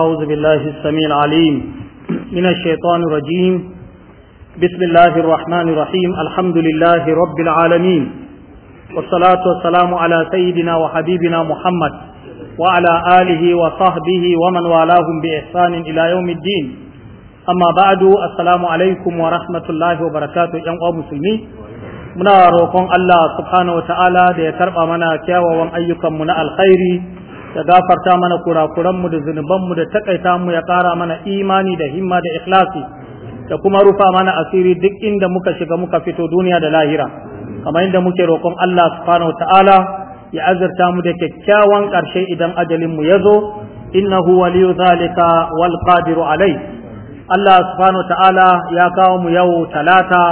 أعوذ بالله السميع العليم من الشيطان الرجيم بسم الله الرحمن الرحيم الحمد لله رب العالمين والصلاة والسلام على سيدنا وحبيبنا محمد وعلى آله وصحبه ومن والاهم بإحسان إلى يوم الدين أما بعد السلام عليكم ورحمة الله وبركاته يا مسلمين muna roƙon Allah subhanahu wa ta'ala da ya karɓa mana kyawawan ayyukanmu na alkhairi ya gafarta mana kurakuranmu da zunubanmu da takaita mu ya ƙara mana imani da himma da ikhlasi da kuma rufa mana asiri duk inda muka shiga muka fito duniya da lahira kamar inda muke roƙon Allah subhanahu ta'ala ya azurta mu da kyakkyawan ƙarshe idan ajalin mu ya zo innahu waliyu zalika wal qadiru alai Allah subhanahu ta'ala ya kawo mu yau talata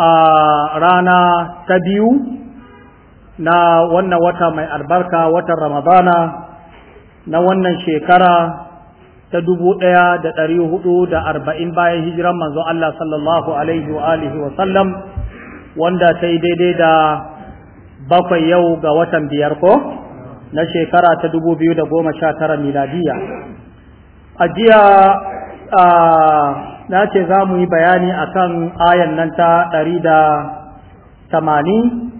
a rana ta biyu na wannan wata mai albarka watan ramadana na wannan shekara ta dubu ɗaya da ɗari hudu da arba'in bayan hijiran manzo Allah sallallahu alaihi wa alihi wa sallam wanda ta yi daidai da bakwai yau ga watan biyar ko na shekara ta dubu biyu da goma sha tara miladiya a jiya na ce za mu yi bayani akan ayan nan ta ɗari da tamanin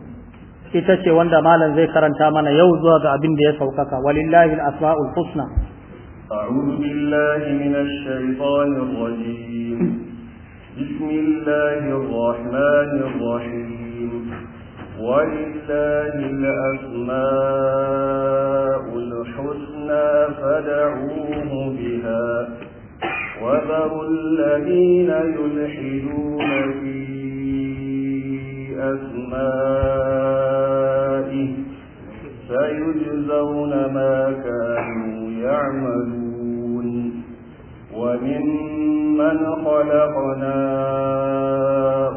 ita ce wanda malam zai karanta mana yau zuwa ga abin da ya saukaka walillahi al-asma'ul husna أعوذ بالله من الشيطان الرجيم بسم الله الرحمن الرحيم ولله الأسماء الحسنى فدعوه بها وذروا الذين يلحدون في أسمائه سيجزون ما كانوا يعملون وممن خلقنا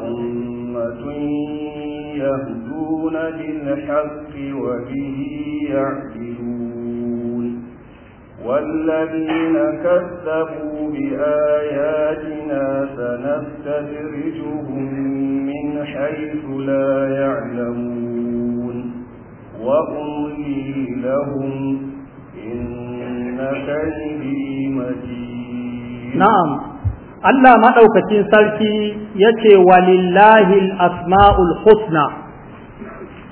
أمة يهدون للحق وبه يعدلون والذين كذبوا بآياتنا سنستدرجهم من حيث لا يعلمون وهم لهم نعم Allah maɗaukacin sarki ya ce walillahi asma'ul husna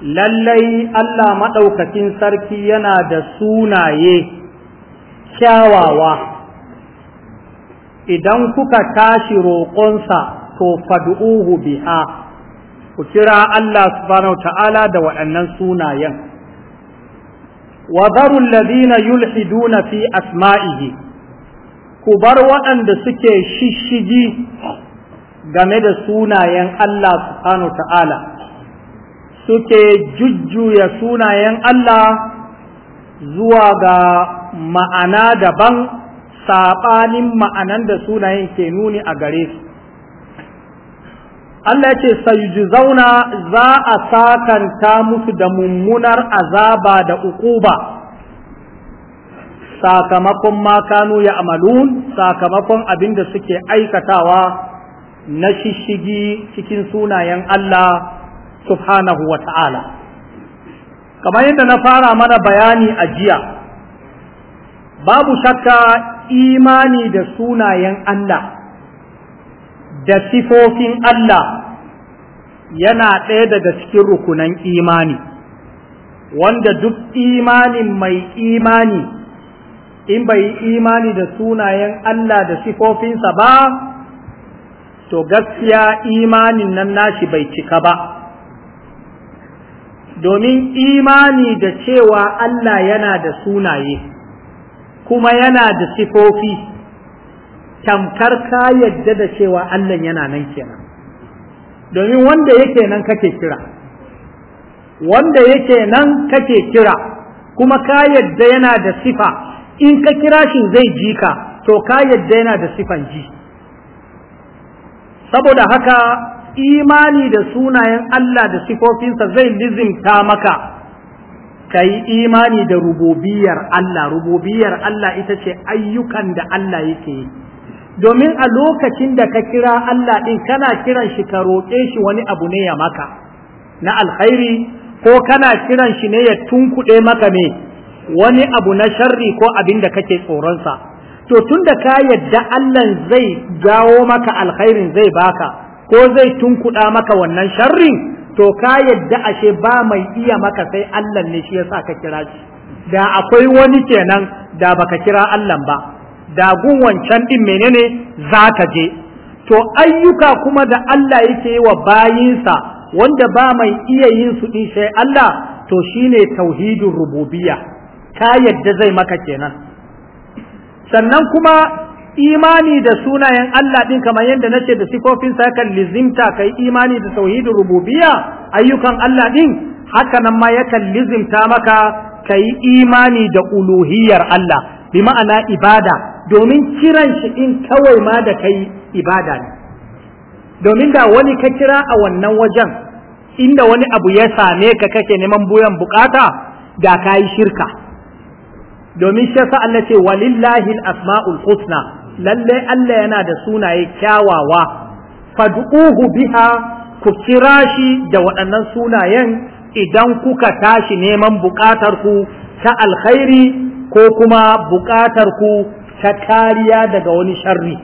lallai Allah maɗaukacin sarki yana da sunaye kyawawa idan kuka tashi roƙonsa to fadu'uhu biha ku kira Allah subhanahu ta'ala da waɗannan sunayen وذروا fi asma'i في ku bar waɗanda suke shishigi game da sunayen Allah subhanahu ta'ala suke jujjuya sunayen Allah zuwa ga ma'ana daban saɓanin ma'anan da sunayen ke nuni a gare su Allah ya ce zauna, za a sakanta musu da mummunar azaba da ukuba sakamakon ma kanu ya amalun sakamakon abin da suke aikatawa na shishigi cikin sunayen Allah subhanahu wa ta'ala kamar yadda na fara mana bayani a jiya babu shakka imani da sunayen Allah da sifofin Allah yana ɗaya daga cikin rukunan imani wanda duk imanin mai imani in bai yi imani da sunayen Allah da sifofinsa ba to gaskiya imanin nan nashi bai cika ba domin imani da cewa Allah yana da sunaye kuma yana da sifofi tamkar ka yadda da cewa Allah yana nan kenan domin wanda yake nan kake kira wanda yake nan kake kira kuma ka yadda yana da sifa in ka kira shi zai ji ka to ka yadda yana da sifan ji saboda haka imani da sunayen Allah da sifofinsa zai lizimta maka ka yi imani da rububiyar Allah rububiyar Allah ita ce ayyukan da Allah yake yi domin a lokacin da ka kira Allah ɗin kana kiran shi ka roƙe shi wani abu ne ya maka na alkhairi ko kana kiran shi ne ya tunkuɗe maka ne wani abu na sharri ko abin da kake tsoronsa to tunda ka yadda Allah zai jawo maka alkhairin zai baka ko zai tunkuɗa maka wannan sharrin to ka yadda ashe ba mai iya maka sai Allah ne shi yasa ka kira shi da akwai wani kenan da baka kira Allah ba dagun wancan ɗin menene za ta je to ayyuka kuma da Allah yake yi wa bayinsa wanda ba mai iya yin su ɗin sai Allah to shine tauhidin rububiya. ka yadda zai maka kenan sannan kuma imani da sunayen Allah ɗin kamar yadda nace da sifofin sa lizimta kai imani da tauhidin rububiya? ayyukan Allah ɗin haka nan ma yakan lizimta maka kai imani da uluhiyar Allah bi ma'ana ibada domin kiran shi in kawai ma da kai ibada ne domin da wani ka kira a wannan wajen inda wani abu ya same ka kake neman buyan bukata da ka shirka domin shi yasa Allah ce walillahi al-asma'ul husna lalle Allah yana da sunaye kyawawa fad'uhu biha ku kira shi da waɗannan sunayen idan kuka tashi neman bukatar ku ta alkhairi ko kuma bukatar ku ta kariya daga wani sharri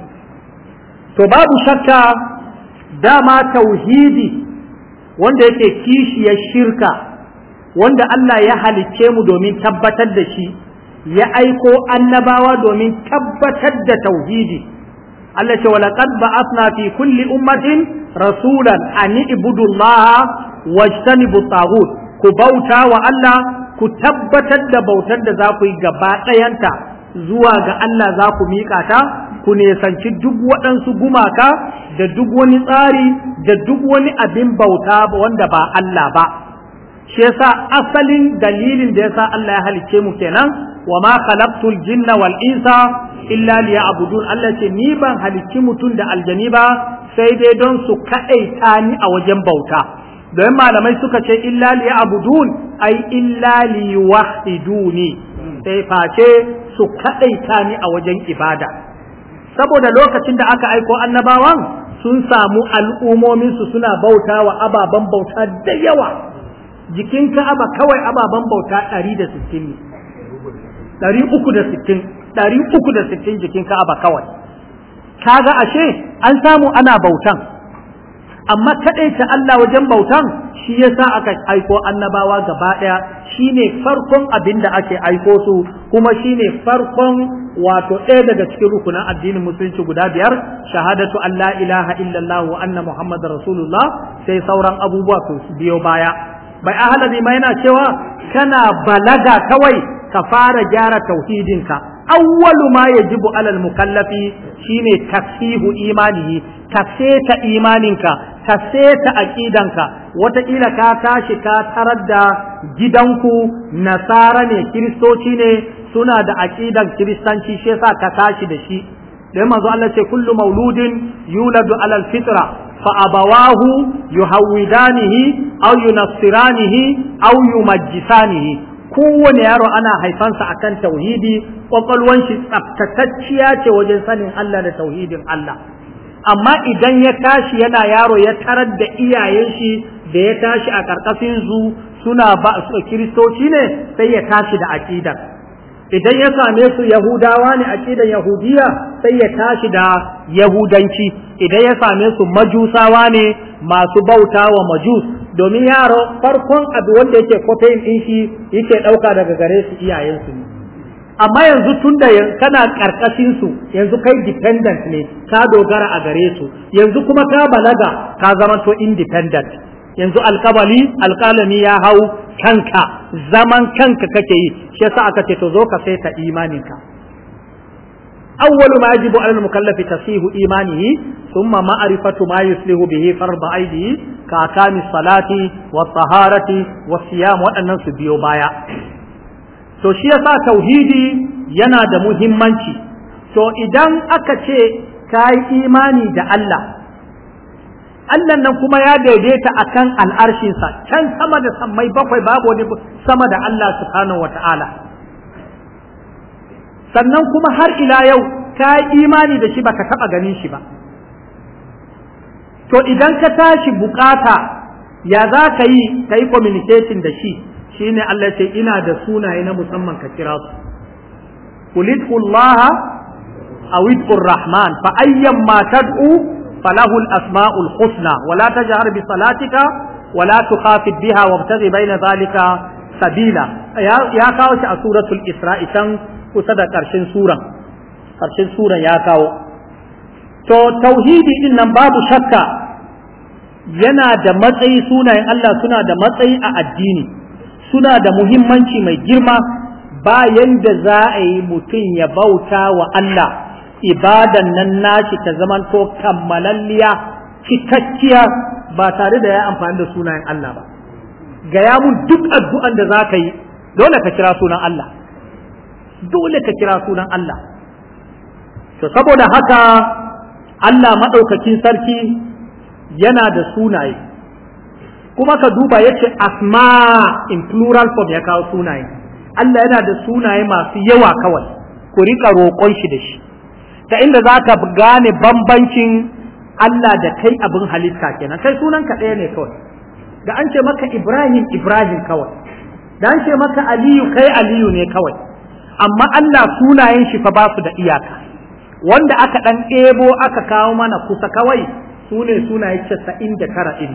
to babu shakka dama tauhidi wanda yake kishiyar shirka wanda Allah ya halicce mu domin tabbatar da shi ya aiko annabawa domin tabbatar da tauhidi Allah ce walaqad ba'athna fi kulli ummatin rasulan an ibudu Allah wajtanibu taghut ku bauta wa Allah ku tabbatar da bautar da za ku yi gaba ɗayanta zuwa ga Allah za ku miƙa ta ku nesanci duk waɗansu gumaka da duk wani tsari da duk wani abin bauta wanda ba Allah ba shi yasa asalin dalilin da ya sa Allah ya halice mu kenan wa ma khalaqtul jinna wal insa illa liya'budun Allah ce ni ban halicci mutum da aljani ba sai dai don su kaɗaita ni a wajen bauta don malamai suka ce illa liya'budun ai illa liwahiduni sai eh, face su kaɗaita ni a wajen ibada saboda lokacin da aka aiko annabawan sun samu al'ummominsu suna bauta wa ababen bauta da yawa jikin ka'aba kawai ababen bauta 160 ne 360 360 jikin ka'aba kawai kaga ashe an samu ana bautan amma ta Allah wajen bautan shi yasa aka aiko annabawa gaba ɗaya shine farkon abin da ake aiko su kuma shine farkon wato ɗaya daga cikin rukunan addinin musulunci guda biyar shahadatu Allah ilaha illallah wa anna muhammadar rasulullah sai sauran abubuwa su biyo baya bai ahalabi ma yana cewa kana balaga kawai ka fara gyara tauhidinka awwalu ma yajibu alal mukallafi shine tasihu imanihi ka imaninka ka seta aqidanka wataƙila ka tashi ka tarar da gidanku nasara ne kiristoci ne suna da aqidan kiristanci shi yasa ka tashi da shi dan manzo Allah ce kullu mauludin yuladu alal fitra فأبواه يهودانه أو ينصرانه أو يمجسانه kowane yaro ana haifansa kan tauhidi kwakwalwan shi tsaftatacciya ce wajen sanin Allah da tauhidin Allah amma idan ya tashi yana yaro ya tarar da iyayen shi da ya tashi a karkashin zu suna ba su kiristoci ne sai ya tashi da aqidar idan ya same su yahudawa ne aqidar yahudiya sai ya tashi da yahudanci idan ya same su majusawa ne masu bauta wa majus domin yaro farkon abu wanda yake kofayin din shi yake ɗauka daga gare su iyayensu ne amma yanzu tun da kana ƙarƙashin su yanzu kai dependent ne ka dogara a gare su yanzu kuma ka balaga ka zama to independent yanzu alƙabali alƙalami ya hau kanka zaman kanka kake yi shi yasa aka ce to zo ka saita imaninka أول ما يجب على المكلف تصحيح إيمانه ثم معرفة ما, ما يصلح به فرض أيديه ka akami salati wa taharati wa siyam waɗannan su biyo baya to shi yasa tauhidi yana da muhimmanci to idan aka ce kayi imani da Allah Allah nan kuma ya daidaita akan al'arshinsa can sama da mai bakwai babu wani sama da Allah subhanahu wata'ala sannan kuma har ila yau ka imani da shi baka taba ganin shi ba to idan ka tashi bukata ya za ka yi ka yi communication da shi shine Allah ce ina da sunaye na musamman ka kira su kulitkullaha awidkur rahman fa ayyan ma tad'u falahu al-asma'ul husna wala tajhar bi salatika wala tukhafid biha wabtaghi baina zalika sabila ya kawo shi a suratul isra'i can kusa da karshen suran karshen suran ya kawo to tauhidi din nan babu shakka yana da matsayi sunayen Allah suna da matsayi a addini suna da muhimmanci mai girma bayan da za a yi mutum ya bauta wa Allah ibadan nan nashi ta zaman ko kammalalliya cikakkiya ba tare da ya amfani da sunayen Allah ba gaya mun duk addu'an da za ka yi dole ka kira sunan Allah dole ka kira sunan Allah to saboda haka Allah maɗaukakin sarki yana da sunaye kuma ka duba yace asma in plural form ya kawo sunaye Allah yana da sunaye masu yawa kawai ku rika roƙon shi da shi ta inda za ka gane bambancin Allah da kai abin halitta kenan kai sunan ka ɗaya ne kawai da an ce maka Ibrahim Ibrahim kawai da an ce maka Aliyu kai Aliyu ne kawai amma Allah sunayen shi fa ba su da iyaka wanda aka ɗan ebo aka kawo mana kusa kawai su ne sunaye casa'in da tara ɗin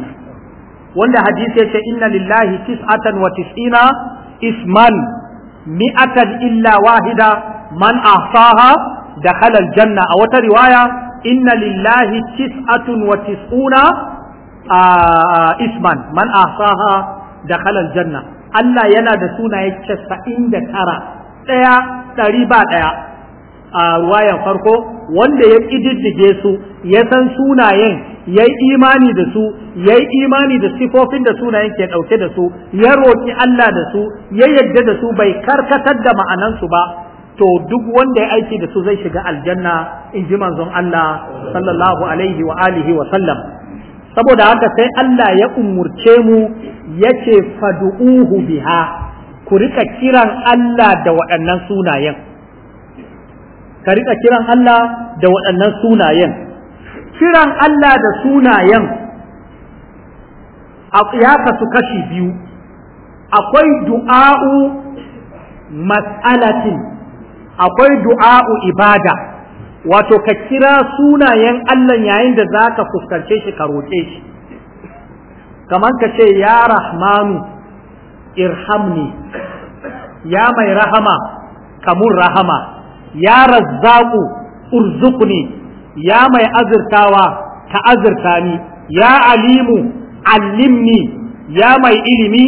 wanda hadisi ya ce inna lillahi tis'atan wa tis'ina isman mi'atan illa wahida man ahsaha halal janna. a wata riwaya inna lillahi tis'atun wa tis'una isman man ahsaha halal janna. Allah yana da sunaye casa'in da tara ɗaya ɗari ba ɗaya a ruwayan farko wanda ya ƙididdige su ya san sunayen ya yi imani da su ya yi imani da sifofin da sunayen ke ɗauke da su ya roƙi Allah da su ya yadda da su bai karkatar da ma'anansu ba to duk wanda ya aiki da su zai shiga aljanna in ji manzon Allah sallallahu alaihi wa alihi wa sallam saboda haka sai Allah ya umurce mu yace fadu'uhu biha ku rika kiran Allah da waɗannan sunayen ka rika kiran Allah da waɗannan sunayen kiran Allah da sunayen ya kasu kashi biyu akwai du'a'u mas'alatin akwai du'a'u ibada wato ka kira sunayen Allah yayin da za ka fuskance shi ka roƙe shi kamar ka ce ya rahmanu irhamni ya mai rahama kamun rahama ya razzaku urzukni ya mai azurtawa ta azurta ni ya alimu allimni ya mai ilimi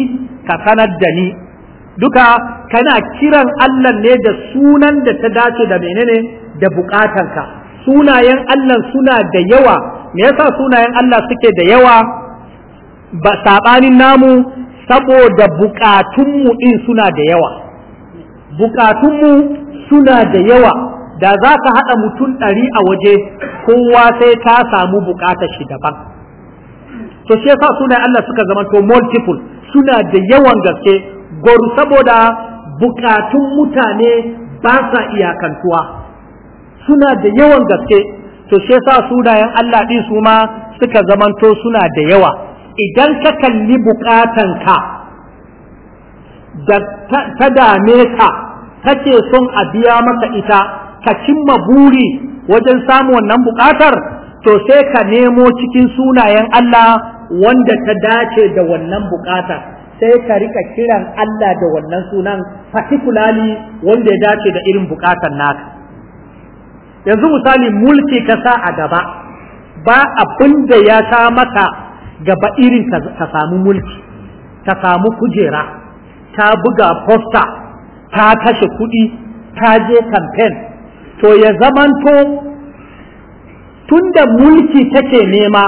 ka sanar da ni duka kana kiran Allah ne da sunan da ta dace da menene da bukatanka sunayen Allah suna da yawa me yasa sunayen Allah suke da yawa ba sabanin namu saboda bukatunmu in suna da yawa bukatunmu suna da yawa da za ka haɗa mutum ɗari a waje kowa sai ta samu buƙatar shi daban to shi yasa sunayen Allah suka zama to multiple suna da yawan gaske goru saboda buƙatun mutane ba sa iyakantuwa suna da yawan gaske to shi yasa sunayen Allah ɗin su ma suka zamanto suna da yawa idan ka kalli buƙatanka da ta dame ka kake son a biya maka ita ka cimma buri wajen samu wannan buƙatar to sai ka nemo cikin sunayen Allah wanda ta dace da wannan buƙatar sai ka rika kiran Allah da wannan sunan particularly wanda ya dace da irin bukatar naka yanzu misali mulki ka sa a gaba ba abin da ya sa maka gaba irin ka samu mulki ka samu kujera ta buga posta ta kashe kuɗi ta je kamfen to ya zamanto tunda mulki take nema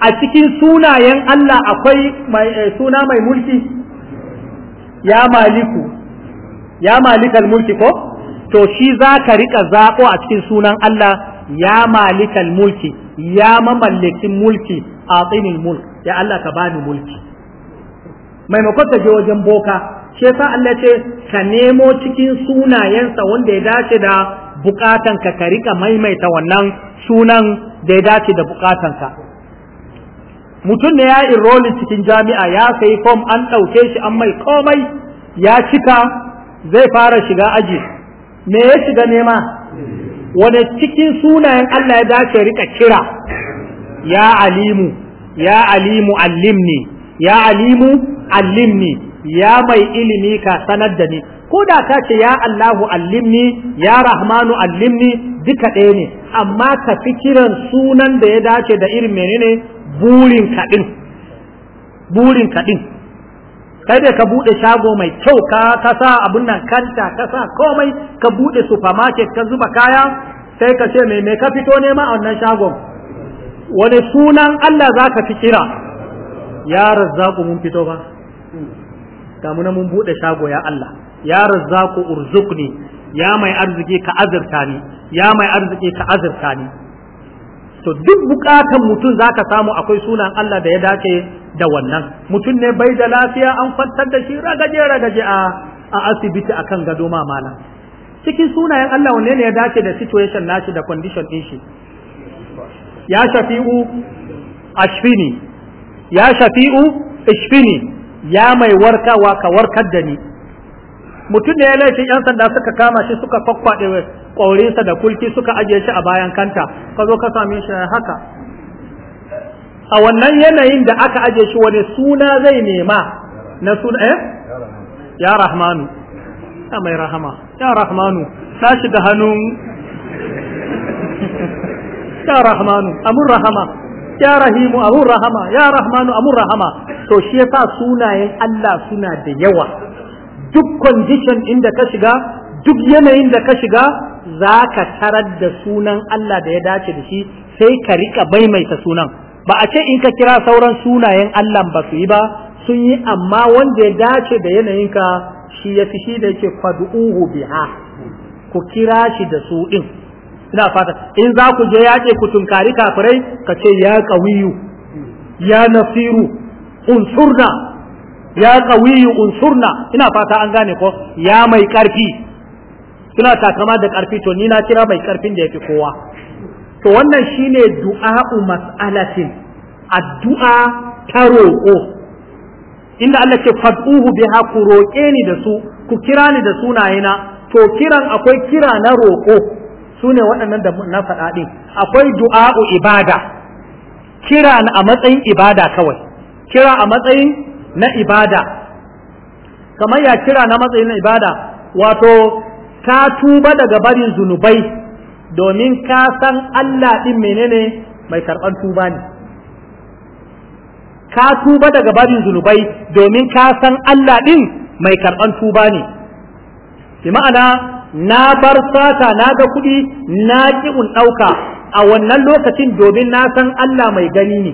a cikin sunayen Allah akwai eh, suna mai mulki ya maliku ya malikal mulki ko to shi za ka riƙa zaɓo a cikin sunan Allah ya malikal mulki ya mamallakin mulki a tsinin mulk ya Allah ka bani mulki maimakon ta je wajen boka shi yasa Allah ce ka nemo cikin sunayensa wanda ya dace da bukatan ka ka rika maimaita wannan sunan da ya dace da bukatan ka. mutum ne ya irolin cikin jami'a ya sayi form an ɗauke shi an mai komai ya cika zai fara shiga aji me ya shiga nema wani cikin sunayen Allah ya dace rika kira ya alimu ya alimu allimni ya alimu allimni ya mai ilimi ka sanar da ni ko da ka ce ya Allahu allimni ya Rahmanu allimni duka ɗaya ne amma ka fi kiran sunan da ya dace da irin menene burin kaɗin burin kaɗin kai da ka buɗe shago mai kyau ka ka sa abun nan kanta ka sa komai ka buɗe supermarket ka zuba kaya sai ka ce me me ka fito nema a wannan shagon wani sunan Allah za ka fi kira ya razzaku mun fito ba samu na mun bude shago ya Allah ya razzaqu urzuqni ya mai arziki ka azurta ni ya mai arziki ka azurta ni to duk bukatan mutum zaka samu akwai sunan Allah da ya dace da wannan mutum ne bai da lafiya an kwantar da shi ragaje ragaje a a asibiti akan gado ma mala cikin sunayen Allah wanne ne ya dace da situation nashi da condition din shi ya shafi'u ashfini ya shafi'u ashfini ya mai wa ka warkar da ni mutum da ya laifin yan sanda suka kama shi suka kwakwaɗe ƙaurinsa da kulki suka ajiye shi a bayan kanta ka zo ka same shi haka a wannan yanayin da aka ajiye shi wani suna zai nema na suna eh ya rahmanu ya mai rahama ya rahmanu tashi da hannun ya rahmanu amun rahama ya rahimu abu rahama ya rahmanu abu rahama to shi yasa sunayen Allah suna da yawa duk condition inda ka shiga duk yanayin da ka shiga za ka tarar da sunan Allah da ya dace da shi sai ka rika maimaita sunan ba a ce in ka kira sauran sunayen Allah ba su yi ba sun yi amma wanda ya dace da yanayinka shi ya fi shi da yake fadu'uhu biha ku kira shi da su din ina fata in za ku je yake ku tunkari kafirai ka ce ya qawiyu ya nasiru unsurna ya qawiyu unsurna ina fata an gane ko ya mai karfi suna takama da ƙarfi, to ni na kira mai karfin da yafi kowa to wannan shine du'a'u mas'alatin addu'a ta roƙo inda Allah ce fad'uhu biha ku roƙe ni da su ku kira ni da sunayena to kiran akwai kira na roƙo su ne waɗannan da na faɗa ɗin akwai du'a'u ibada kira a matsayin ibada kawai kira a matsayin na ibada kamar ya kira na matsayin na ibada wato ka tuba daga barin zunubai domin ka san Allah ɗin menene mai karɓar tuba ne ka tuba daga barin zunubai domin ka san Allah ɗin mai karɓar tuba ne ma'ana na bar sata na ga kuɗi na ƙi in ɗauka a wannan lokacin domin na san Allah mai gani ne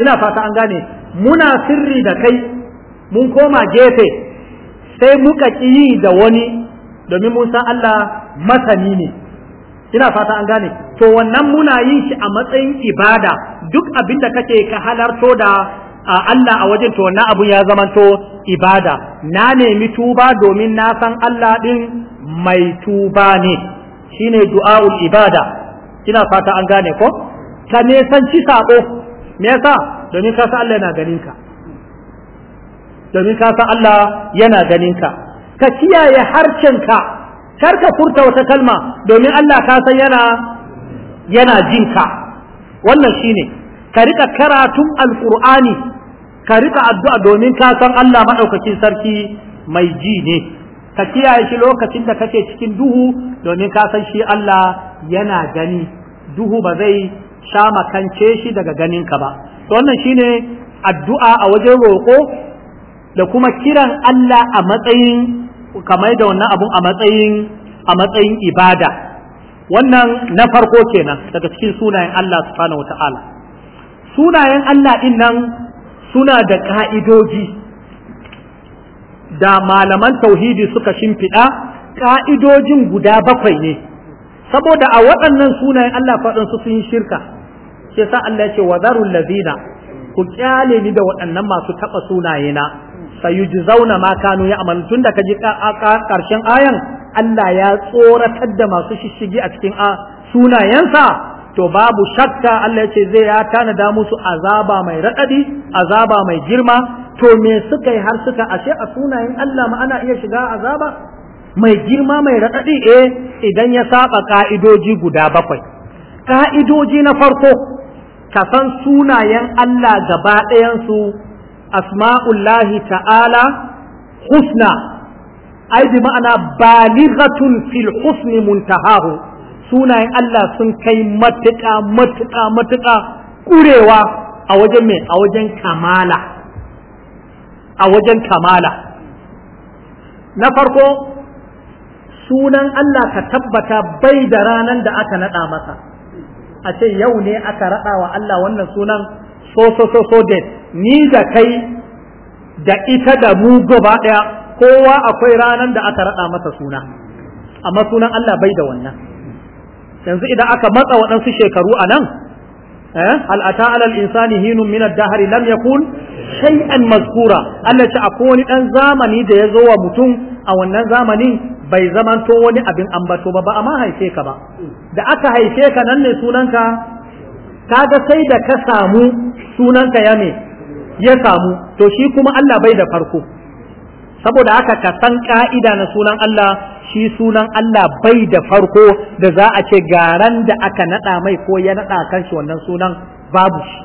ina fata an gane muna sirri da kai mun koma gefe sai muka ƙi yi da wani domin mun san Allah masani ne ina fata an gane to wannan muna yin shi a matsayin ibada duk abinda da kake ka halarto da a Allah a wajen to wannan abu ya zamanto ibada na nemi tuba domin na san Allah din mai tuba ne shine du'aul ibada Kina fata an gane ko ka ci sako me yasa domin ka san Allah yana ganin ka domin ka san Allah yana ganin ka ka kiyaye ka, kar ka furta wata kalma domin Allah ka san yana yana jinka wannan shine ka rika karatun alqur'ani ka rika addu'a domin ka san Allah maɗaukacin sarki mai ji ne ka kiyaye shi lokacin da kake cikin duhu domin ka san shi Allah yana gani duhu ba zai sha makance shi daga ganinka ba to wannan shine addu'a a wajen roƙo da kuma kiran Allah a matsayin kamar da wannan abun a matsayin a matsayin ibada wannan na farko kenan daga cikin sunayen Allah subhanahu wataala sunayen Allah din nan suna da ka'idoji da malaman tauhidi suka shimfiɗa ka'idojin guda bakwai ne saboda a waɗannan sunayen Allah su sun yi shirka shi sa Allah ce wa zarul lazina ku kyale ni da waɗannan masu taɓa sunayena zauna ma kanu ya'malu tun da ji ƙarshen ayan Allah ya tsoratar da masu shishigi a cikin sunayensa to babu shakka Allah ya ce zai ya tanada musu azaba mai raɗaɗi azaba mai girma to me suka yi har suka ashe a sunayen Allah ma ana iya shiga azaba mai girma mai raɗaɗi eh idan ya saba ka'idoji guda bakwai ka'idoji na farko ka san sunayen Allah gaba ɗayansu asma'ullahi ta'ala husna ai bi ma'ana balighatun fil husni muntahahu sunayen Allah sun kai matuƙa matuƙa matuƙa ƙurewa a wajen mai a wajen kamala a wajen kamala na farko sunan Allah ka tabbata bai da ranar da aka naɗa masa a ce yau ne aka raɗa wa Allah wannan sunan so so so so ni da kai da ita da mu gaba ɗaya kowa akwai ranar da aka raɗa masa suna amma sunan Allah bai da wannan yanzu idan aka matsa waɗansu shekaru a nan eh, hal ata alal insani hinun min ad lam ya kun shay'an mazkura Allah ce akwai wani dan zamani da ya zo wa mutum a wannan zamanin bai zamanto wani abin ambato ba ba ma haife ka ba da aka haife ka nan ne sunanka ga sai da ka samu sunanka ya me ya samu to shi kuma Allah bai da farko saboda haka ka san ka'ida na sunan Allah shi sunan Allah bai da farko da za a ce garan da aka nada mai ko ya nada kan shi wannan sunan babu shi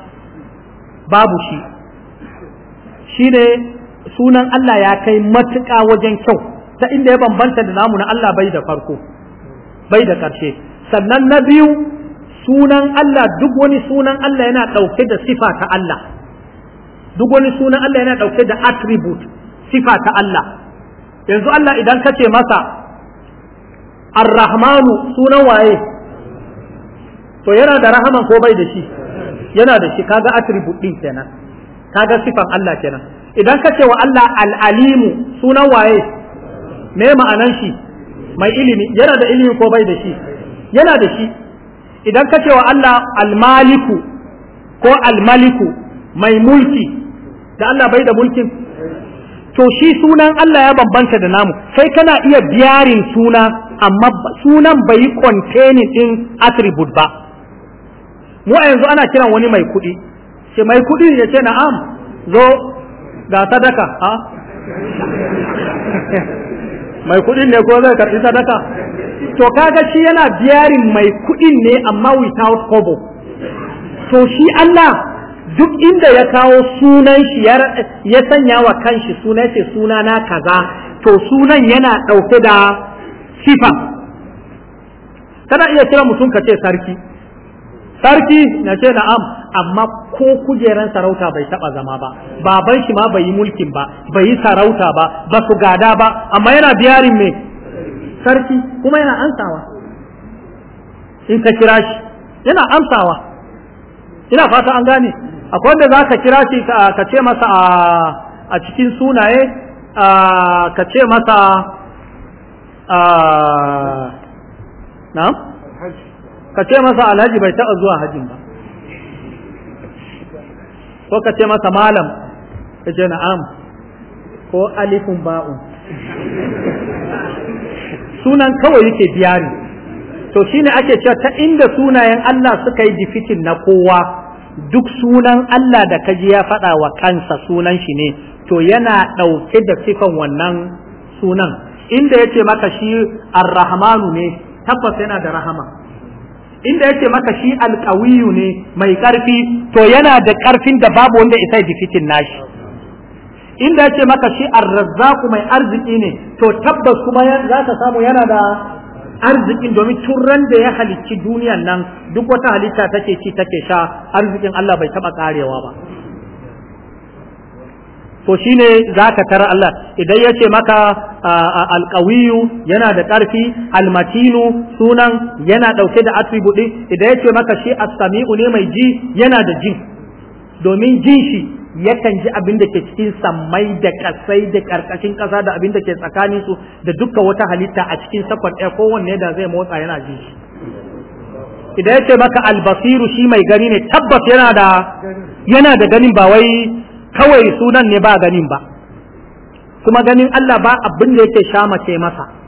babu shi shine sunan Allah ya kai matuƙa wajen kyau ta inda ya bambanta da namu na Allah bai da farko bai da ƙarshe sannan na biyu sunan Allah duk wani sunan Allah yana ɗauke da sifa ta Allah duk wani sunan Allah yana ɗauke da attribute sifa ta Allah yanzu Allah idan ka ce masa ar-rahmanu sunan waye to yana da rahaman ko bai da shi yana da shi kaga attribute din kenan kaga sifan Allah kenan idan ka ce wa Allah al'alimu sunan waye me ma'anan shi mai ilimi yana da ilimi ko bai da shi yana da shi idan ka ce wa Allah al-maliku ko al-maliku mai mulki da Allah bai da mulkin to shi sunan Allah ya bambanta da namu sai kana iya biyarin suna amma sunan bai yi containing din attribute ba mu a yanzu ana kiran wani mai kuɗi ce mai kuɗi ya ce na'am zo ga sadaka a mai kuɗin ne ko zai karɓi sadaka to kaga shi yana biyarin mai kuɗin ne amma without hobo. to shi Allah duk inda ya kawo sunan shi ya sanya wa kanshi sunan shi suna na kaza to sunan yana ɗauke da sifa kana iya kira mutum ka ce sarki sarki na ce na'am amma ko kujeran sarauta bai taba zama ba baban shi ma bai yi mulkin ba bai yi sarauta ba ba su gada ba amma yana biyarin me sarki kuma yana ansawa in ka kira shi yana amsawa ina fata an gane akwai wanda za ka kira shi ka ce masa a cikin sunaye ka ce masa na ka ce masa alhaji bai taɓa zuwa hajjin ba ko ka ce masa malam ka ce na'am ko alifun ba'un sunan kawai yake biyari to shine ake cewa ta inda sunayen Allah suka yi difitin na kowa duk sunan Allah da kaji ya faɗa wa kansa sunan shi ne to yana ɗauke da sifan wannan sunan inda yace maka shi arrahmanu ne tabbas yana da rahama inda yace maka shi alƙawiyu ne mai ƙarfi to yana da ƙarfin da babu wanda isa fitin nashi inda yace maka shi arrazzaku mai arziki ne to tabbas kuma za ka samu yana da arzikin domin turan da ya halicci duniyan nan duk wata halitta take ci take sha arzikin Allah bai taba karewa ba to shine zaka tara Allah idan ya ce maka alqawiyu yana da ƙarfi almatinu sunan yana ɗauke da attribute idan ya ce maka shi as-sami'u ne mai ji yana da jin domin jin shi yakan ji abin da ke cikin sammai da kasai da karkashin kasa da abin da ke tsakanin su da dukkan wata halitta a cikin sakon ɗaya kowanne da zai motsa yana ji shi idan ya ce maka albasiru shi mai gani ne tabbas yana da yana da ganin ba wai kawai sunan ne ba ganin ba kuma ganin Allah ba abin da yake sha mace masa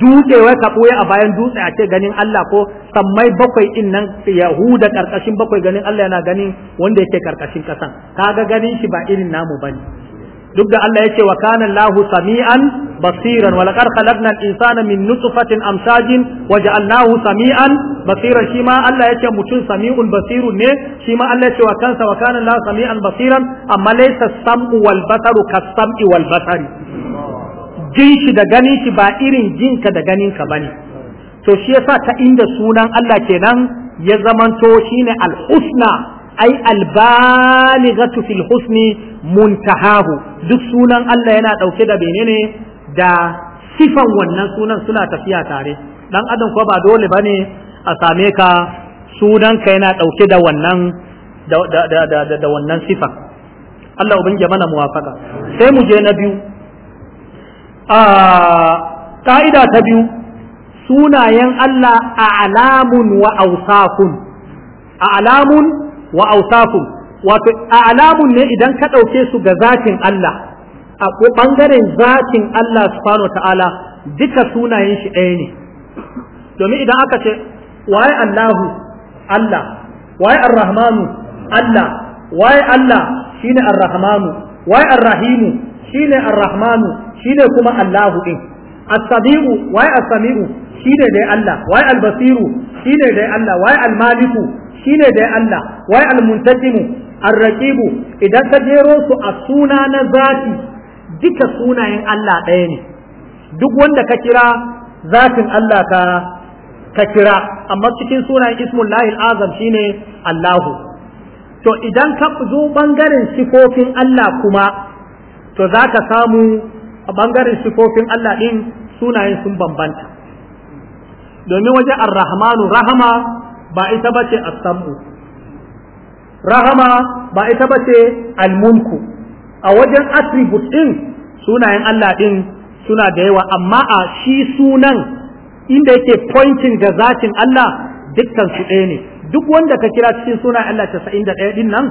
dutse wai ka ɓoye a bayan dutse a ce ganin Allah ko sammai bakwai in nan Yahuda karkashin bakwai ganin Allah yana ganin wanda yake karkashin kasan kaga ganin shi ba irin namu bane duk da Allah yake wa kana Allahu sami'an basiran wa laqad khalaqna al-insana min nutfatin amshajin waje allahu sami'an basiran shi ma Allah yake mutum sami'un basiru ne shi ma Allah yake wa kansa wa kana Allahu sami'an basiran amma laysa samu wal basaru kas-sam'i wal basari jin shi da ganin shi ba irin jinka da ganinka ba ne to shi yasa ta inda sunan Allah kenan ya zamanto shine al-husna ai al-balighatu fil husni muntahahu duk sunan Allah yana dauke da menene da sifan wannan sunan suna tafiya tare dan adam ko ba dole bane a same ka sunanka yana dauke da wannan da wannan sifa Allah ubangiji mana muwafaka sai mu je na biyu a ƙa'ida ta biyu sunayen Allah a alamun wa ausafun a alamun wa ausafun wato a alamun ne idan ka ɗauke su ga zatin Allah a ɓangaren zatin Allah subhanahu ta'ala duka sunayen shi ɗaya ne domin idan aka ce waye Allahu Allah waye arrahmanu Allah waye Allah shine arrahmanu waye Ar-Rahimu ne ar-rahmanu shine kuma Allahu ɗin. as-sami'u wai as-sami'u ne dai Allah wai al-basiru ne dai Allah wai al-maliku ne dai Allah wai al-muntajimu ar-raqibu idan ka jero su a suna na zati duka sunayen Allah ɗaya ne duk wanda ka kira zatin Allah ka ka kira amma cikin sunayen ismullahi azam shine Allahu to idan ka zo bangaren sifofin Allah kuma to za ka samu a ɓangaren sifofin Allah ɗin sunayen sun bambanta domin waje ar-rahmanu rahama ba ita ba ce asamu, rahama ba ita ba ce almunku, a wajen attribute ɗin sunayen Allah ɗin suna da yawa amma a shi sunan inda yake pointing ga zatin Allah dukkan su ɗaya ne duk wanda ka kira cikin sunayen Allah 91 ɗin nan